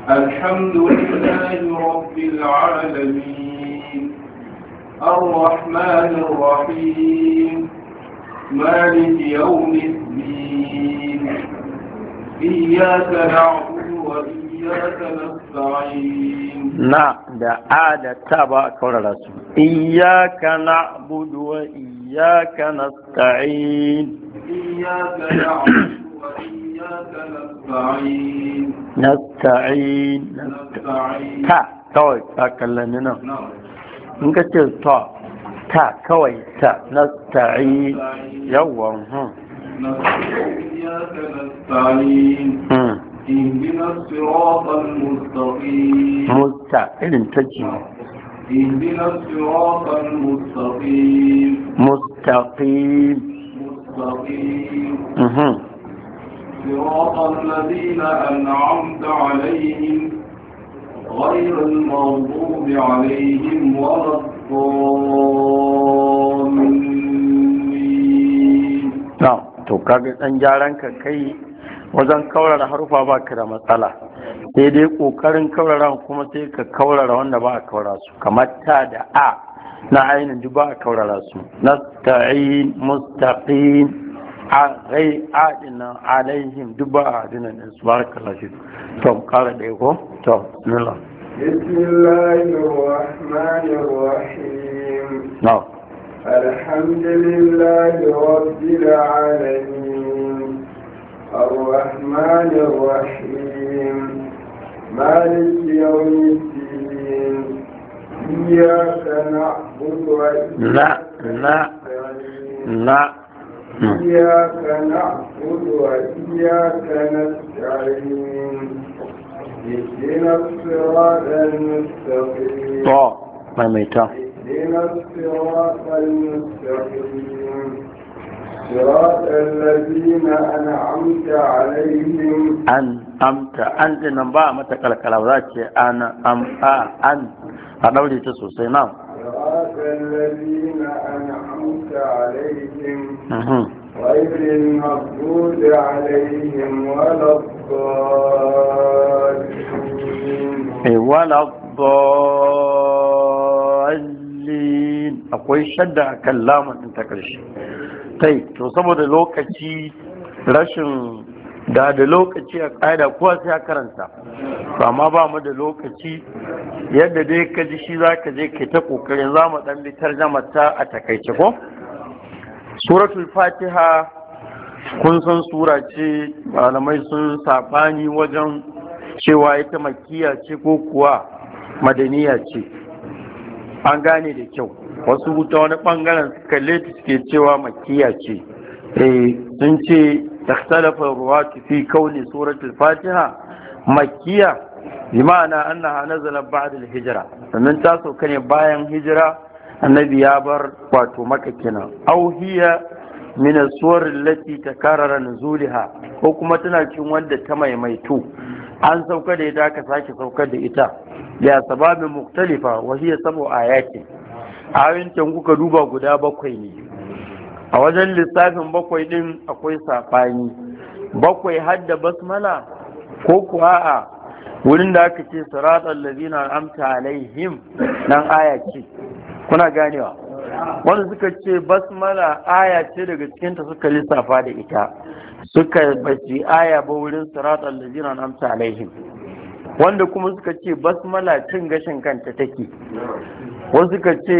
Speaker 2: الحمد لله رب العالمين الرحمن الرحيم مالك يوم الدين إياك نعبد وإياك
Speaker 1: na da ada ta ba kaurara su iyaka na budu iyaka na sta'in na sta'in na ta kawai ta kallani nan in ka ce ta ta kawai ta na sta'in yawon hmm
Speaker 2: اهدنا الصراط المستقيم
Speaker 1: مستقيم تجي
Speaker 2: اهدنا الصراط المستقيم
Speaker 1: مستقيم مستقيم
Speaker 2: صراط الذين أنعمت عليهم غير المغضوب عليهم ولا
Speaker 1: الضالين نعم تو كاجن جارانك كاي wajen kaurara harufa ba ka da matsala sai dai kokarin kaurara kuma sai ka kaurara wanda ba a kaurara su kamar ta da a na ainihin duk ba a kaurara su nasta'in mustaqim a rai adina alaihim duk ba a adina din su barakallahu shi to kara da ko to nila
Speaker 2: bismillahir rahmanir rahim alhamdulillahi rabbil alamin الرحمن الرحيم مالك يوم الدين إياك نعبد وإياك لا إياك نستعين اهدنا الصراط المستقيم
Speaker 1: اهدنا
Speaker 2: الصراط المستقيم صراط الذين أنعمت
Speaker 1: عليهم أن أمت أن تنبع متكال كلاوات أن أم أن أنا ولي تسوسي نعم
Speaker 2: صراط الذين أنعمت عليهم غير المغضوب عليهم ولا الضالين
Speaker 1: إيه، ولا الضالين أقول شد كلامة أنت كل شيء Sai to saboda lokaci rashin da da lokaci a ƙa'ida kowa sai karanta to amma ba mu da lokaci yadda dai ka ji shi za ka je ka ta ƙoƙarin za mu ɗan litar ta a takaice ko suratul fatiha kun san sura ce malamai sun saɓani wajen cewa ita makiya ce ko kuwa madaniya ce an gane da kyau wasu wuta, wani bangaren kalle ta suke cewa makiya ce eh, sun ce takhtalafa ruwatu fi kauni suratul fatiha makiya bi ma'ana annaha nazala ba'da al-hijra sannan ta sauka ne bayan hijira annabi ya bar wato maka kenan au hiya min as-suwar allati nuzuliha ko kuma tana cikin wanda ta maimaitu an sauka da ita aka sake saukar da ita ya sababin muktalifa wa hiya sabu ayatin ayoyin ta kuka duba guda bakwai ne a wajen lissafin bakwai din akwai safani. bakwai hadda basmala ko kuwa a wurin da aka ce siratal ladina amta alaihim nan aya ce kuna ganewa wanda suka ce basmala aya ce daga ta suka lissafa da ita suka bashi aya ba wurin siratal ladina amta alaihim wanda kuma suka ce basmala cin gashin kanta take wasu suka ce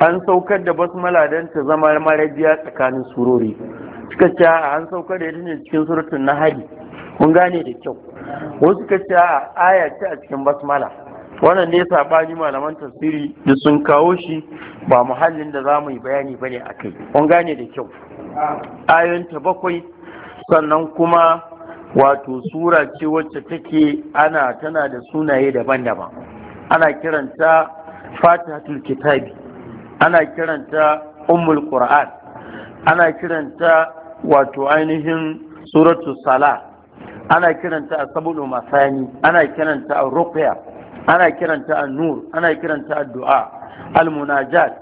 Speaker 1: an saukar da basmala don ta zama marabiya tsakanin surori suka ce a an saukar da ne cikin surutun na hari kun gane da kyau wasu suka ce a aya ce a cikin basmala wannan ne sabani malaman tasiri da sun kawo shi ba muhallin da za mu yi bayani bane a kai kun gane da kyau ayoyin bakwai sannan kuma wato sura ce wacce take ana tana da sunaye daban-daban ana kiranta fatihatul kitabi ana kiranta ummul qur'an ana kiranta wato ainihin suratu salah ana kiranta a masani ana kiranta a ruqya ana kiranta a nur ana kiranta addu'a du'a al munajat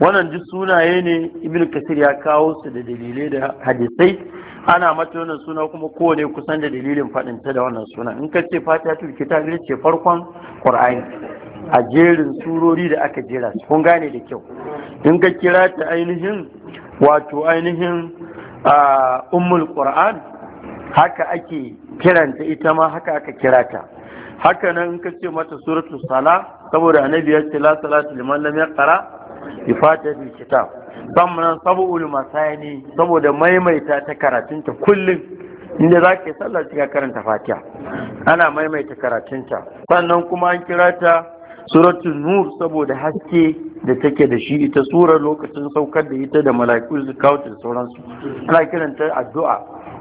Speaker 1: wannan duk sunaye ne ibn kasir ya kawo su da dalilai da hadisai ana mata wannan suna kuma kowane kusan da dalilin faɗinta da wannan suna in ka ce fatihatul kitab ce farkon qur'ani a jerin surori da aka jera kun gane da kyau in ka kira ta ainihin wato ainihin ummul qur'an haka ake kiranta ita ma haka aka kira ta haka nan in ka ce mata suratu sala saboda annabi ya ce la salatu liman lam yaqra bi fatihatil kitab sannan sabu'ul masani saboda maimaita ta karatunta kullum inda za ka yi sallah sai karanta fatiha ana maimaita karatunta sannan kuma an kira ta suratun nur saboda haske da take da shi ita surar lokacin saukar da ita da mala'iku da kautar da sauransu ana kiranta addu'a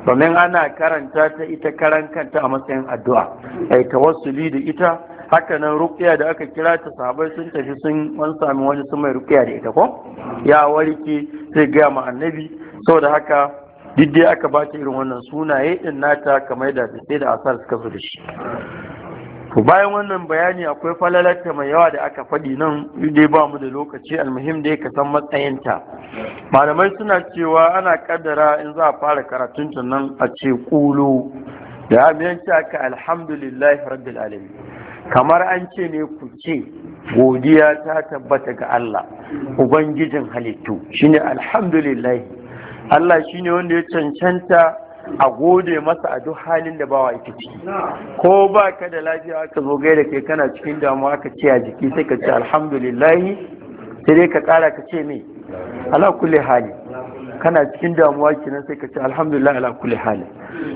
Speaker 1: domin ana karanta ta ita karan a matsayin addu'a ai tawassuli da ita hakanan nan rukiya da aka kira ta sahabai sun tafi sun wani sami wani sun mai rukiya da ita ko ya warke sai gaya ma annabi saboda haka duk dai aka ba ta irin wannan sunaye din nata kamar da sai da asar suka fi da shi to bayan wannan bayani akwai falalarta mai yawa da aka faɗi nan dai ba mu da lokaci almuhim dai ka san matsayinta malamai suna cewa ana kaddara in za a fara karatun nan a ce kulu da amiyanci aka alhamdulillah rabbil alamin kamar an ce ne ku ce godiya ta tabbata ga Allah ubangijin halittu shine alhamdulillah Allah shine wanda ya cancanta a gode masa a duk halin da bawa ita ciki ko ba ka da lafiya aka zo gaida kai kana cikin damuwa ka ce a jiki sai ka ce alhamdulillahi sai dai ka kara ka ce me ala kulli hali kana cikin damuwa kenan sai ka ce alhamdulillah ala kulli hali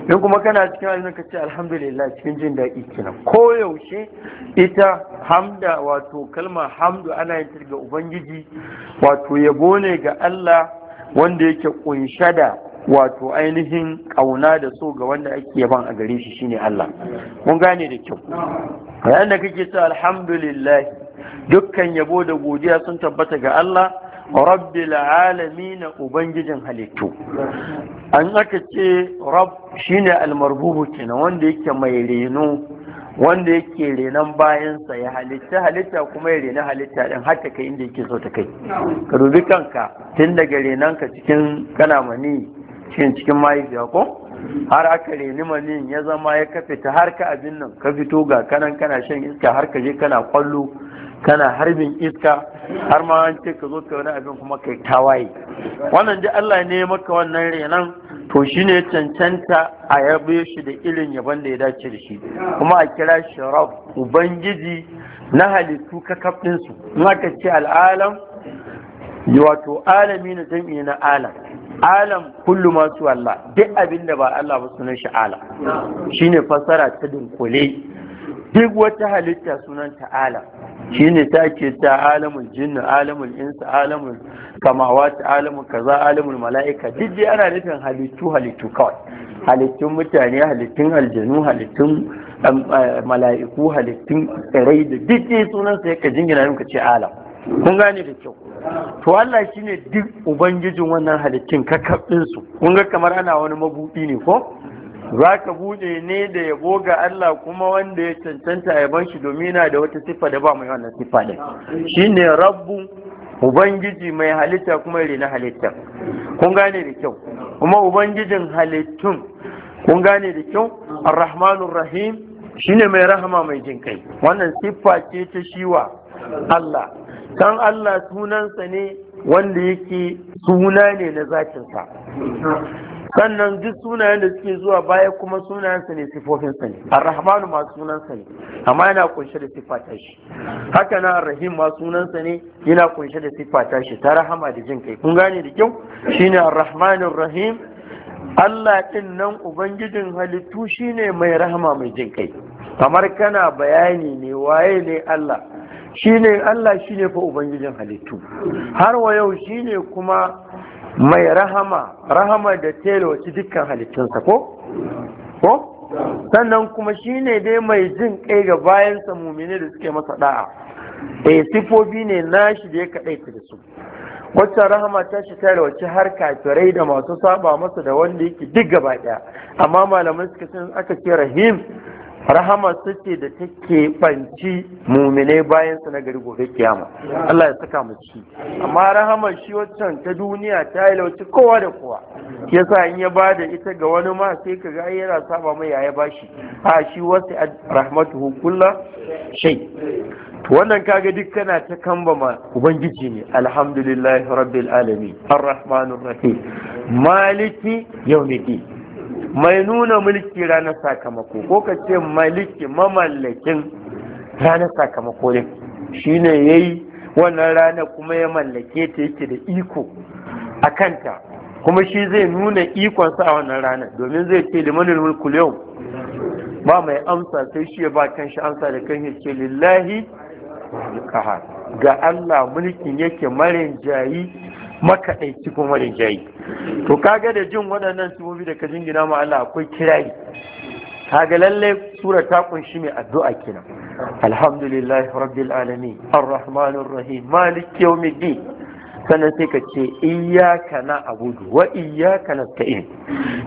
Speaker 1: in kuma kana cikin halin ka ce alhamdulillah cikin jin daɗi kenan ko yaushe ita hamda wato kalma hamdu ana yin ga ubangiji wato yabo ne ga Allah wanda yake kunshada wato ainihin ƙauna da so ga wanda ake yaban a gare shi shine Allah mun gane da kyau bayan da kake cewa alhamdulillah dukkan yabo da godiya sun tabbata ga Allah rabbil alamin ubangijin halittu an aka ce rabb shine almarbubu kenan wanda yake mai reno wanda yake renon bayansa ya halitta halitta kuma ya rena halitta din har ta kai inda yake so ta kai ka dubi kanka tun daga renonka cikin kana cikin cikin mahaifiya ko har aka reni manin ya zama ya kafe ta har ka abin nan ka fito ga kanan kana shan iska har ka je kana kwallo kana harbin iska har ma an ce zo ka wani abin kuma kai tawaye wannan ji Allah ne maka wannan renan to shine cancanta a yabe shi da irin yaban da ya dace da shi kuma a kira shi ubangiji na halittu ka kafin su in ce al'alam wato alami na jam'i na alam alam kullu ma Allah duk abin da ba Allah ba sunan shi ala shine fasara ta dunkule duk wata halitta sunan ta ala shine ta ke ta alamul jinn alamul insa alamul kamawat alamul kaza alamul mala'ika duk dai ana nufin halittu halittu kawai halittun mutane halittun aljanu halittun um, eh, mala'iku halittun tsirai da duk dai sunan sai ka jingina ka ce alam kun gane da kyau to Allah shine duk ubangijin wannan halittun kakkaɓin su kun ga kamar ana wani mabuɗi ne ko za ka buɗe ne da yabo ga Allah kuma wanda ya cancanta ya ban shi domin yana da wata siffa da ba mai wannan siffa din shine rabbu ubangiji mai halitta kuma na halitta kun gane da kyau kuma ubangijin halittun kun gane da kyau arrahmanur rahim shine mai rahama mai jin kai wannan siffa ce ta shiwa Allah san Allah sunansa ne wanda yake suna ne na zakinsa. sannan duk sunayen da suke zuwa baya kuma sunayensa ne sifofinsa ne ar-rahmanu ma sunansa ne amma yana kunshe da sifata shi haka na ar-rahim ma sunansa ne yana kunshe da sifata shi ta rahama da jin kai kun gane da kyau ne ar rahmanu rahim Allah ɗin nan Ubangijin halittu shi ne mai rahama mai jin kai kamar kana bayani ne waye ne Allah shine Allah shine fa ubangijin halittu har wa yau shine kuma mai rahama rahama da teloci dukkan halittunsa ko ko sannan kuma shine dai mai jin kai ga bayansa mumine da suke masa da'a eh sifofi ne nashi da ya kadai da su wacce rahama ta shi ta wacce har kafirai da masu saba masa da wanda yake duk gaba daya amma malamai suka san aka ce rahim rahama su ce da ta ɓanci mumine bayan su na gari gobe kiyama Allah ya saka mu ci amma rahama shi waccan ta duniya ta yi lauci kowa da kowa yasa in ya ba da ita ga wani ma sai ka ga yana saba mai yaya bashi ha shi wasu rahmatu kulla shai wannan kaga duk kana ta kamba ma ubangiji ne alhamdulillahi rabbil alamin arrahmanir rahim maliki ke. mai nuna mulki ranar sakamako ko ka ce maliki mamallakin ranar sakamako ne shine yi wannan ranar kuma ya mallake ta yake da iko a kanta kuma shi zai nuna ikonsa a wannan ranar domin zai ce da mulkul yau ba mai amsa sai shi ya ba kan shi, amsa da kan ce lillahi kaha ga Allah mulkin yake marin jayi makaɗaici kuma rinjayi to kaga da jin waɗannan sumobi da ka jingina ma Allah akwai kirari kaga lallai sura ta kunshi mai addu'a kenan alhamdulillah rabbil alamin arrahmanir rahim malik yawmiddin sannan sai ka ce iyyaka na'budu wa iyyaka nasta'in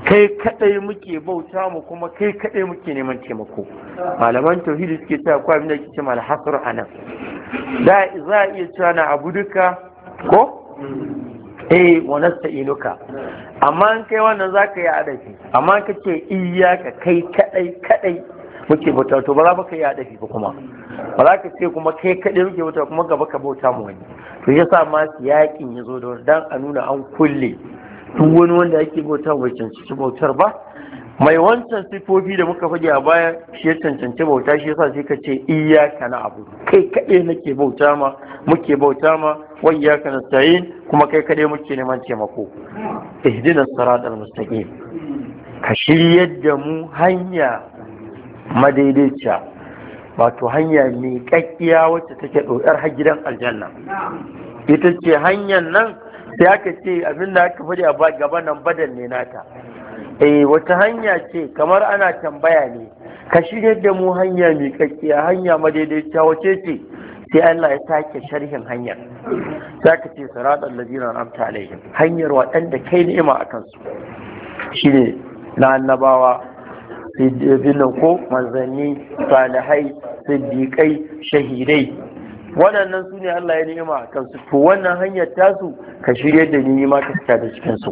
Speaker 1: kai kadai muke bauta mu kuma kai kadai muke neman taimako malaman tauhidi suke cewa ko abin da yake cewa al-hasr anan da za a iya cewa na duka ko eh wanasta inuka amma an kai wannan zaka yi adafi amma iya ka kai kadai kadai muke bauta to ba za ka yi adafi ba kuma ba za ka ce kuma kai kadai muke bauta kuma gaba ka bauta mu wani to yasa ma yakin ya zo da dan a nuna an kulle duk wani wanda yake bauta bai cancanci bautar ba mai wancan sifofi da muka faɗi a baya shi ya cancanci bauta shi yasa sai ka ce ka na abu kai kadai nake bauta ma muke bauta ma wa na sayi kuma kai kaɗai muke neman taimako ihdinas siratal mustaqim ka shiryar da mu hanya madaidaiciya wato hanya mai kakkiya wacce take ɗoyar har gidan aljanna ita ce hanyar nan sai aka ce abin da aka fadi a gaba nan badal ne nata eh wata hanya ce kamar ana tambaya ne ka shiryar da mu hanya mai kakkiya hanya madaidaita wace ce sai Allah ya take sharhin hanyar za ka ce siratar ladina amta alaihim hanyar waɗanda kai ni'ima akan su shine na annabawa siddiƙin ko manzanni salihai siddiqai shahidai waɗannan su ne Allah ya ni'ima akan su, to wannan hanyar ta su, ka shirya da ni ma ka fita da cikin su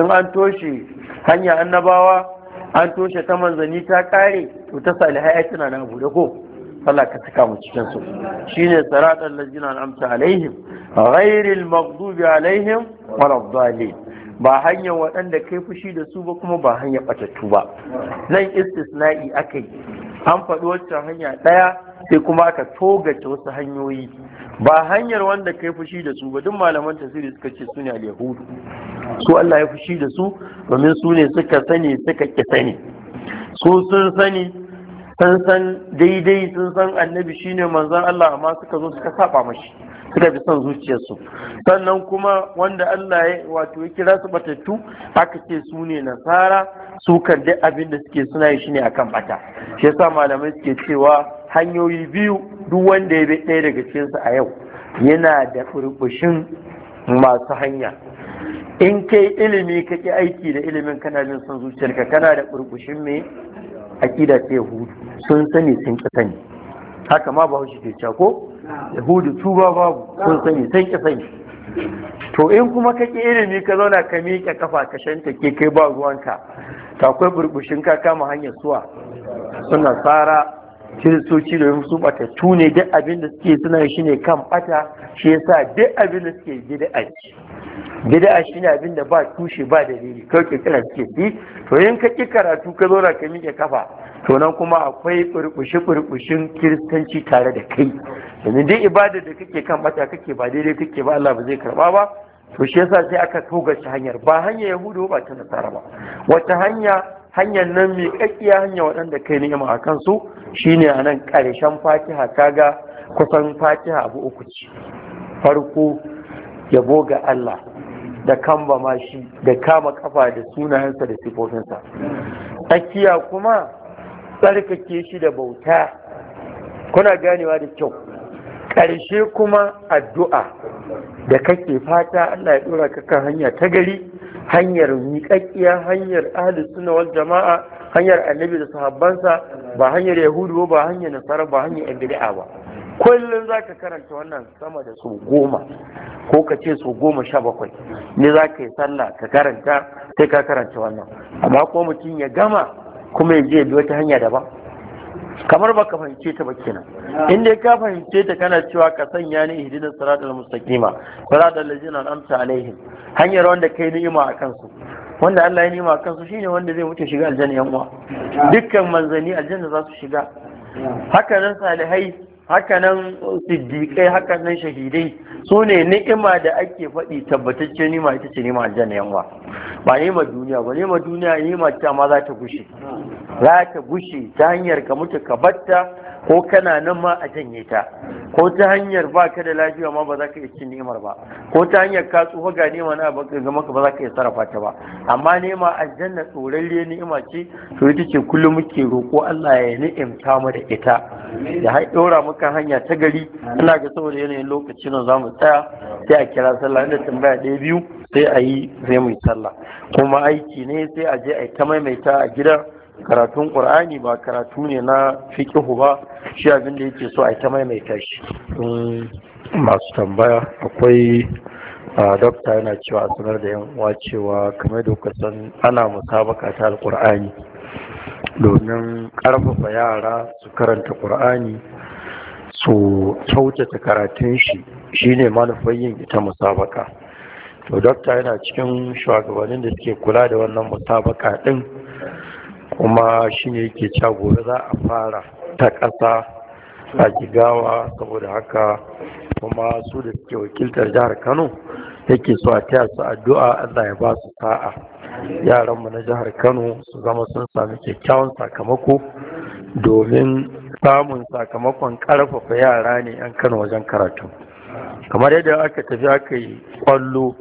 Speaker 1: in an toshe hanya annabawa an toshe ta manzanni ta kare to ta salihai ai tana na bude ko Allah ka cika mu cikin su shine siratal ladzina an'amta alaihim ghairil maghdubi alaihim waladdallin ba hanyar waɗanda kai fushi da su ba kuma ba hanyar batattu ba nan istisna'i akai an faɗi waccan hanya ɗaya sai kuma aka togace wasu hanyoyi ba hanyar wanda kai fushi da su ba duk malaman tasiri suka ce su ne su Allah ya fushi da su domin su ne suka sani suka ki sani su sun sani sun san daidai sun san annabi shine manzon Allah amma suka zo suka saba mashi suka bi son zuciyarsu sannan kuma wanda Allah ya wato ya kira su batattu aka ce su ne nasara su kan dai abin da suke suna yi shine akan bata shi yasa malamai suke cewa hanyoyi biyu duk wanda ya bi ɗaya daga cikinsu a yau yana da burbushin masu hanya in kai ilimi kake aiki da ilimin kana bin son zuciyarka kana da burbushin me akida ce yahudu sun sani sun ƙi sani haka ma ba shi ke ko yahudu ba babu sun sani sun ƙi sani to in kuma ka ƙi ilimi ka zauna ka miƙe kafa ka shanta ke kai ba ruwanka ka akwai burbushin ka kama hanyar suwa suna tsara kiristoci da su batattu ne duk abin da suke suna shi ne kan bata shi yasa duk abin da suke gida a shi ne abin da ba tushe ba dalili kawai ke suke bi to in ka karatu ka zo ka miƙe kafa to nan kuma akwai burbushi burbushin kiristanci tare da kai yanzu duk ibada da kake kan bata kake ba daidai kake ba Allah ba zai karba ba to shi yasa sai aka toga shi hanyar ba hanya yahudu ba ta nasara ba wata hanya hanyar nan mai kakkiya hanya waɗanda kai ni'ima a kansu shine a nan ƙarshen fatiha kaga kusan fatiha abu uku ce farko yabo ga Allah da kambama ma shi da kama kafa da sunayensa da sifofinsa tsakiya kuma tsarkake shi da bauta kuna ganewa da kyau ƙarshe kuma addu'a da kake fata Allah ya ɗora ka kan hanya ta gari hanyar miƙaƙƙiya hanyar ahli suna wal jama'a hanyar annabi da sahabbansa ba hanyar yahudu ba hanyar nasara ba hanyar yan bid'a ba kullum zaka karanta wannan sama da su goma ko ka ce su goma sha bakwai ne za ka yi sallah ka karanta sai ka karanta wannan amma kuma mutum ya gama kuma ya je bi wata hanya daban kamar baka fahimce ta ba kenan in dai ka fahimce ta kana cewa ka sanya ni ihdinas siratal mustaqima siratal ladzina an'amta alaihim hanyar wanda kai ni'ima a kansu wanda Allah ya ni'ima a kansu shine wanda zai wuce shiga aljanna yan uwa dukkan manzanni aljanna za su shiga hakanan nan salihai hakanan siddiƙai hakanan shahidai su ne ni'ima da ake faɗi tabbataccen nima ita ce nima aljanna yanwa ba ma duniya ba ma duniya ma ta ma za ta gushe za ta gushe ta hanyar ka mutu ka batta ko kana nan ma a janye ta ko ta hanyar ba ka da lafiya ma ba za ka iya cin ni'imar ba ko ta hanyar ka tsufa ga nema na ba ga maka ba za ka iya sarrafa ta ba amma nema aljanna tsorarriya ni'ima ce to ita ce kullum muke roƙo Allah ya ni'imta mu da ita ya dora muka hanya ta gari ina ga saboda yanayin lokaci nan zamu tsaya sai a kira sallah inda tambaya ɗaya biyu sai a yi sai mu yi sallah kuma aiki ne sai a je a yi ta maimaita a gidan karatun ƙur'ani ba karatu ne na fiqihu ba shi abin da yake so a ta maimaita shi masu tambaya akwai a dokta yana cewa a sanar da yan uwa cewa kamar da kuka san ana musabaka ta alqur'ani domin karfafa yara su karanta ƙur'ani, su kyautata karatun shi shine manufar yin ita musabaka to dokta yana cikin shugabannin da suke kula da wannan musabaka din kuma shi ne yake gobe za a fara ta ƙasa a jigawa saboda haka kuma su da suke wakiltar jihar kano yake so a taya su addu'a allah ya ba su sa'a yaranmu na jihar kano su zama sun sami kyakkyawan sakamako domin samun sakamakon karfafa yara ne 'yan kano wajen karatu kamar yadda aka tafi aka yi kwallo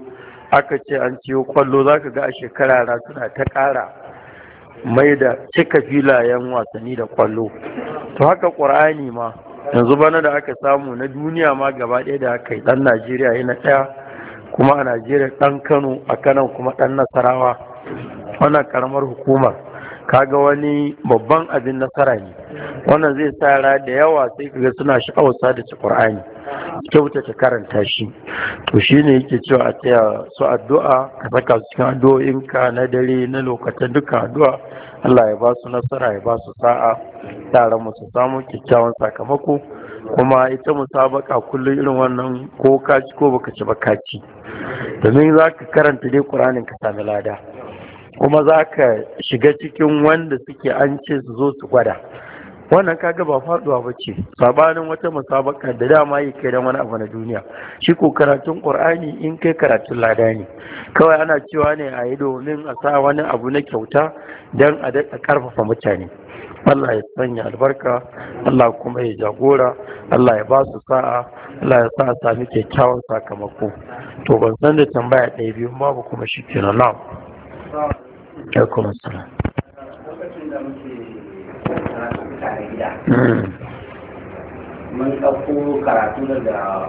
Speaker 1: aka ce an ciwo kwallo za ka ga a shekara suna ta ƙara mai da cika filayen wasanni da kwallo to haka ƙur'ani ma yanzu bana da aka samu na duniya ma gaba ɗaya da aka yi ɗan najeriya yana ɗaya kuma a najeriya ɗan kano a kanan kuma ɗan nasarawa wannan karamar hukumar kaga wani babban abin nasara ne wannan zai sa da yawa sai kaga suna sha'awar da ci ƙur'ani wuce ta karanta shi to shi ne yake cewa a taya su addu'a ka saka su cikin addu'o'inka na dare na lokacin duka addu'a Allah ya ba su nasara ya ba su sa'a tare mu su samu kyakkyawan sakamako kuma ita musabaka kullum irin wannan ko kaci ko baka ci baka ci domin za ka karanta dai ƙuranin ka sami lada kuma za ka shiga cikin wanda suke an ce su zo su gwada wannan kaga ba faduwa ba ce sabanin wata musabaka da dama yi kai dan wani abu na duniya shi ko karatun qur'ani in kai karatun lada ne kawai ana cewa ne a yi domin a sa wani abu na kyauta dan a daɗa karfafa mutane Allah ya sanya albarka Allah kuma ya jagora Allah ya ba su sa'a Allah ya sa sami kyakkyawan sakamako to ban san da tambaya ɗaya biyu babu kuma shi kenan na. Ya kuma
Speaker 4: mun ɗauko karatu daga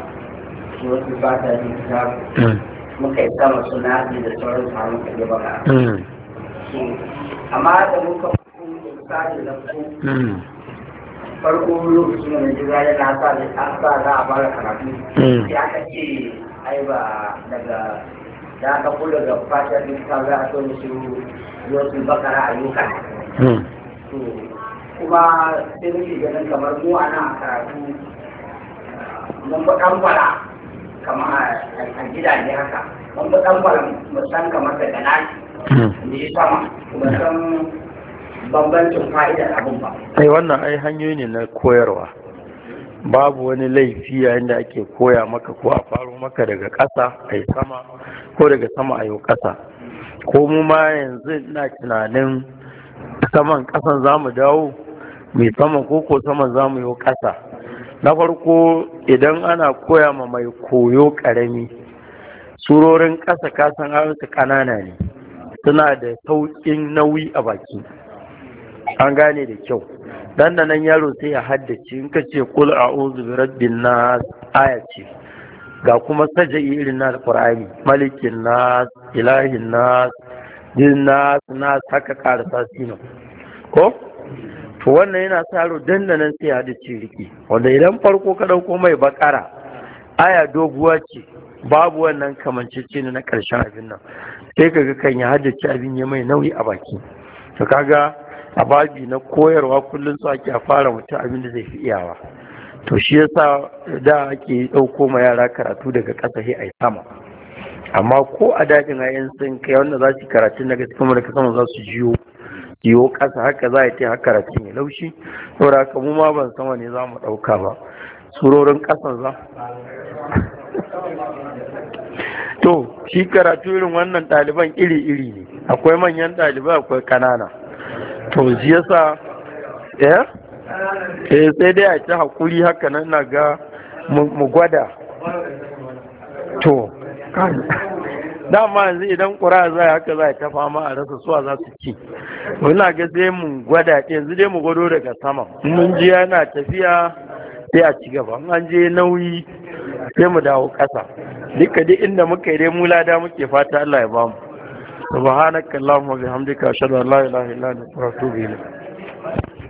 Speaker 4: ba ta da kitab hmm. muka yi sama suna da sauran su ka yi baka hmm. amma da muka sa da hmm. farko lokacin da na jira yana sa da an sa za a fara karatu sai aka ce ai ba daga da aka kula da fata ta za a so su yi wasu bakara ayyuka kuma sai nake ganin kamar mu a nan karatu mun fi ɗanfara kamar a gidaje haka mun fi ɗanfara musan kamar daga nashi hmm. ne ya sama kuma san bambancin fa'idar abin ba.
Speaker 1: Ai wannan ai hanyoyi ne na koyarwa. babu wani laifi yayin da ake koya maka ko a faro maka daga ƙasa a yi sama ko daga sama a yi ƙasa ko mu ma yanzu ina tunanin saman kasan za mu dawo mai saman koko saman za mu yi kasa na farko idan ana koya ma mai koyo karami surorin kasa kasan haruka ƙanana ne suna da sauƙin nauyi a baki an gane da kyau dan da nan yaro sai ya haddace in ka ce kul a'udhu bi rabbin nas aya ce ga kuma saja irin na alqur'ani malikin nas ilahin nas din nas nas haka karasa sino ko to wannan yana saro dandanan sai da ciriki wanda idan farko ka dauko mai bakara aya doguwa ce babu wannan kamancece na karshen abin nan sai kaga kan ya haddace abin ya mai nauyi a baki to kaga a babi na koyarwa kullum su ake fara mutum abin da zai fi iyawa to shi yasa da ake ɗauko ma yara karatu daga ƙasa sai ai sama amma ko a daɗin ayan sun kai wanda za su karatu daga kuma da sama za su jiyo Yiwu ƙasa haka za a ce haka rafi mai laushi saboda haka mu ma ban sama ne za mu ɗauka ba surorin ƙasan za to shi karatu irin wannan ɗaliban iri-iri ne akwai manyan ɗalibai akwai ƙanana to shi yasa eh? eh sai dai a ci haƙuri haka nan na ga mu gwada to dama yanzu idan ƙura za a haka za a ta fama a rasa suwa za su ci muna ga zai mu gwada yanzu dai mu gwado daga sama mun ji yana tafiya sai a ci gaba an je nauyi sai mu dawo ƙasa duka duk inda muka yi dai mu lada muke fata Allah ya bamu subhanakallahumma bihamdika ashhadu an la ilaha illa anta astaghfiruka
Speaker 2: wa atubu
Speaker 3: ilayk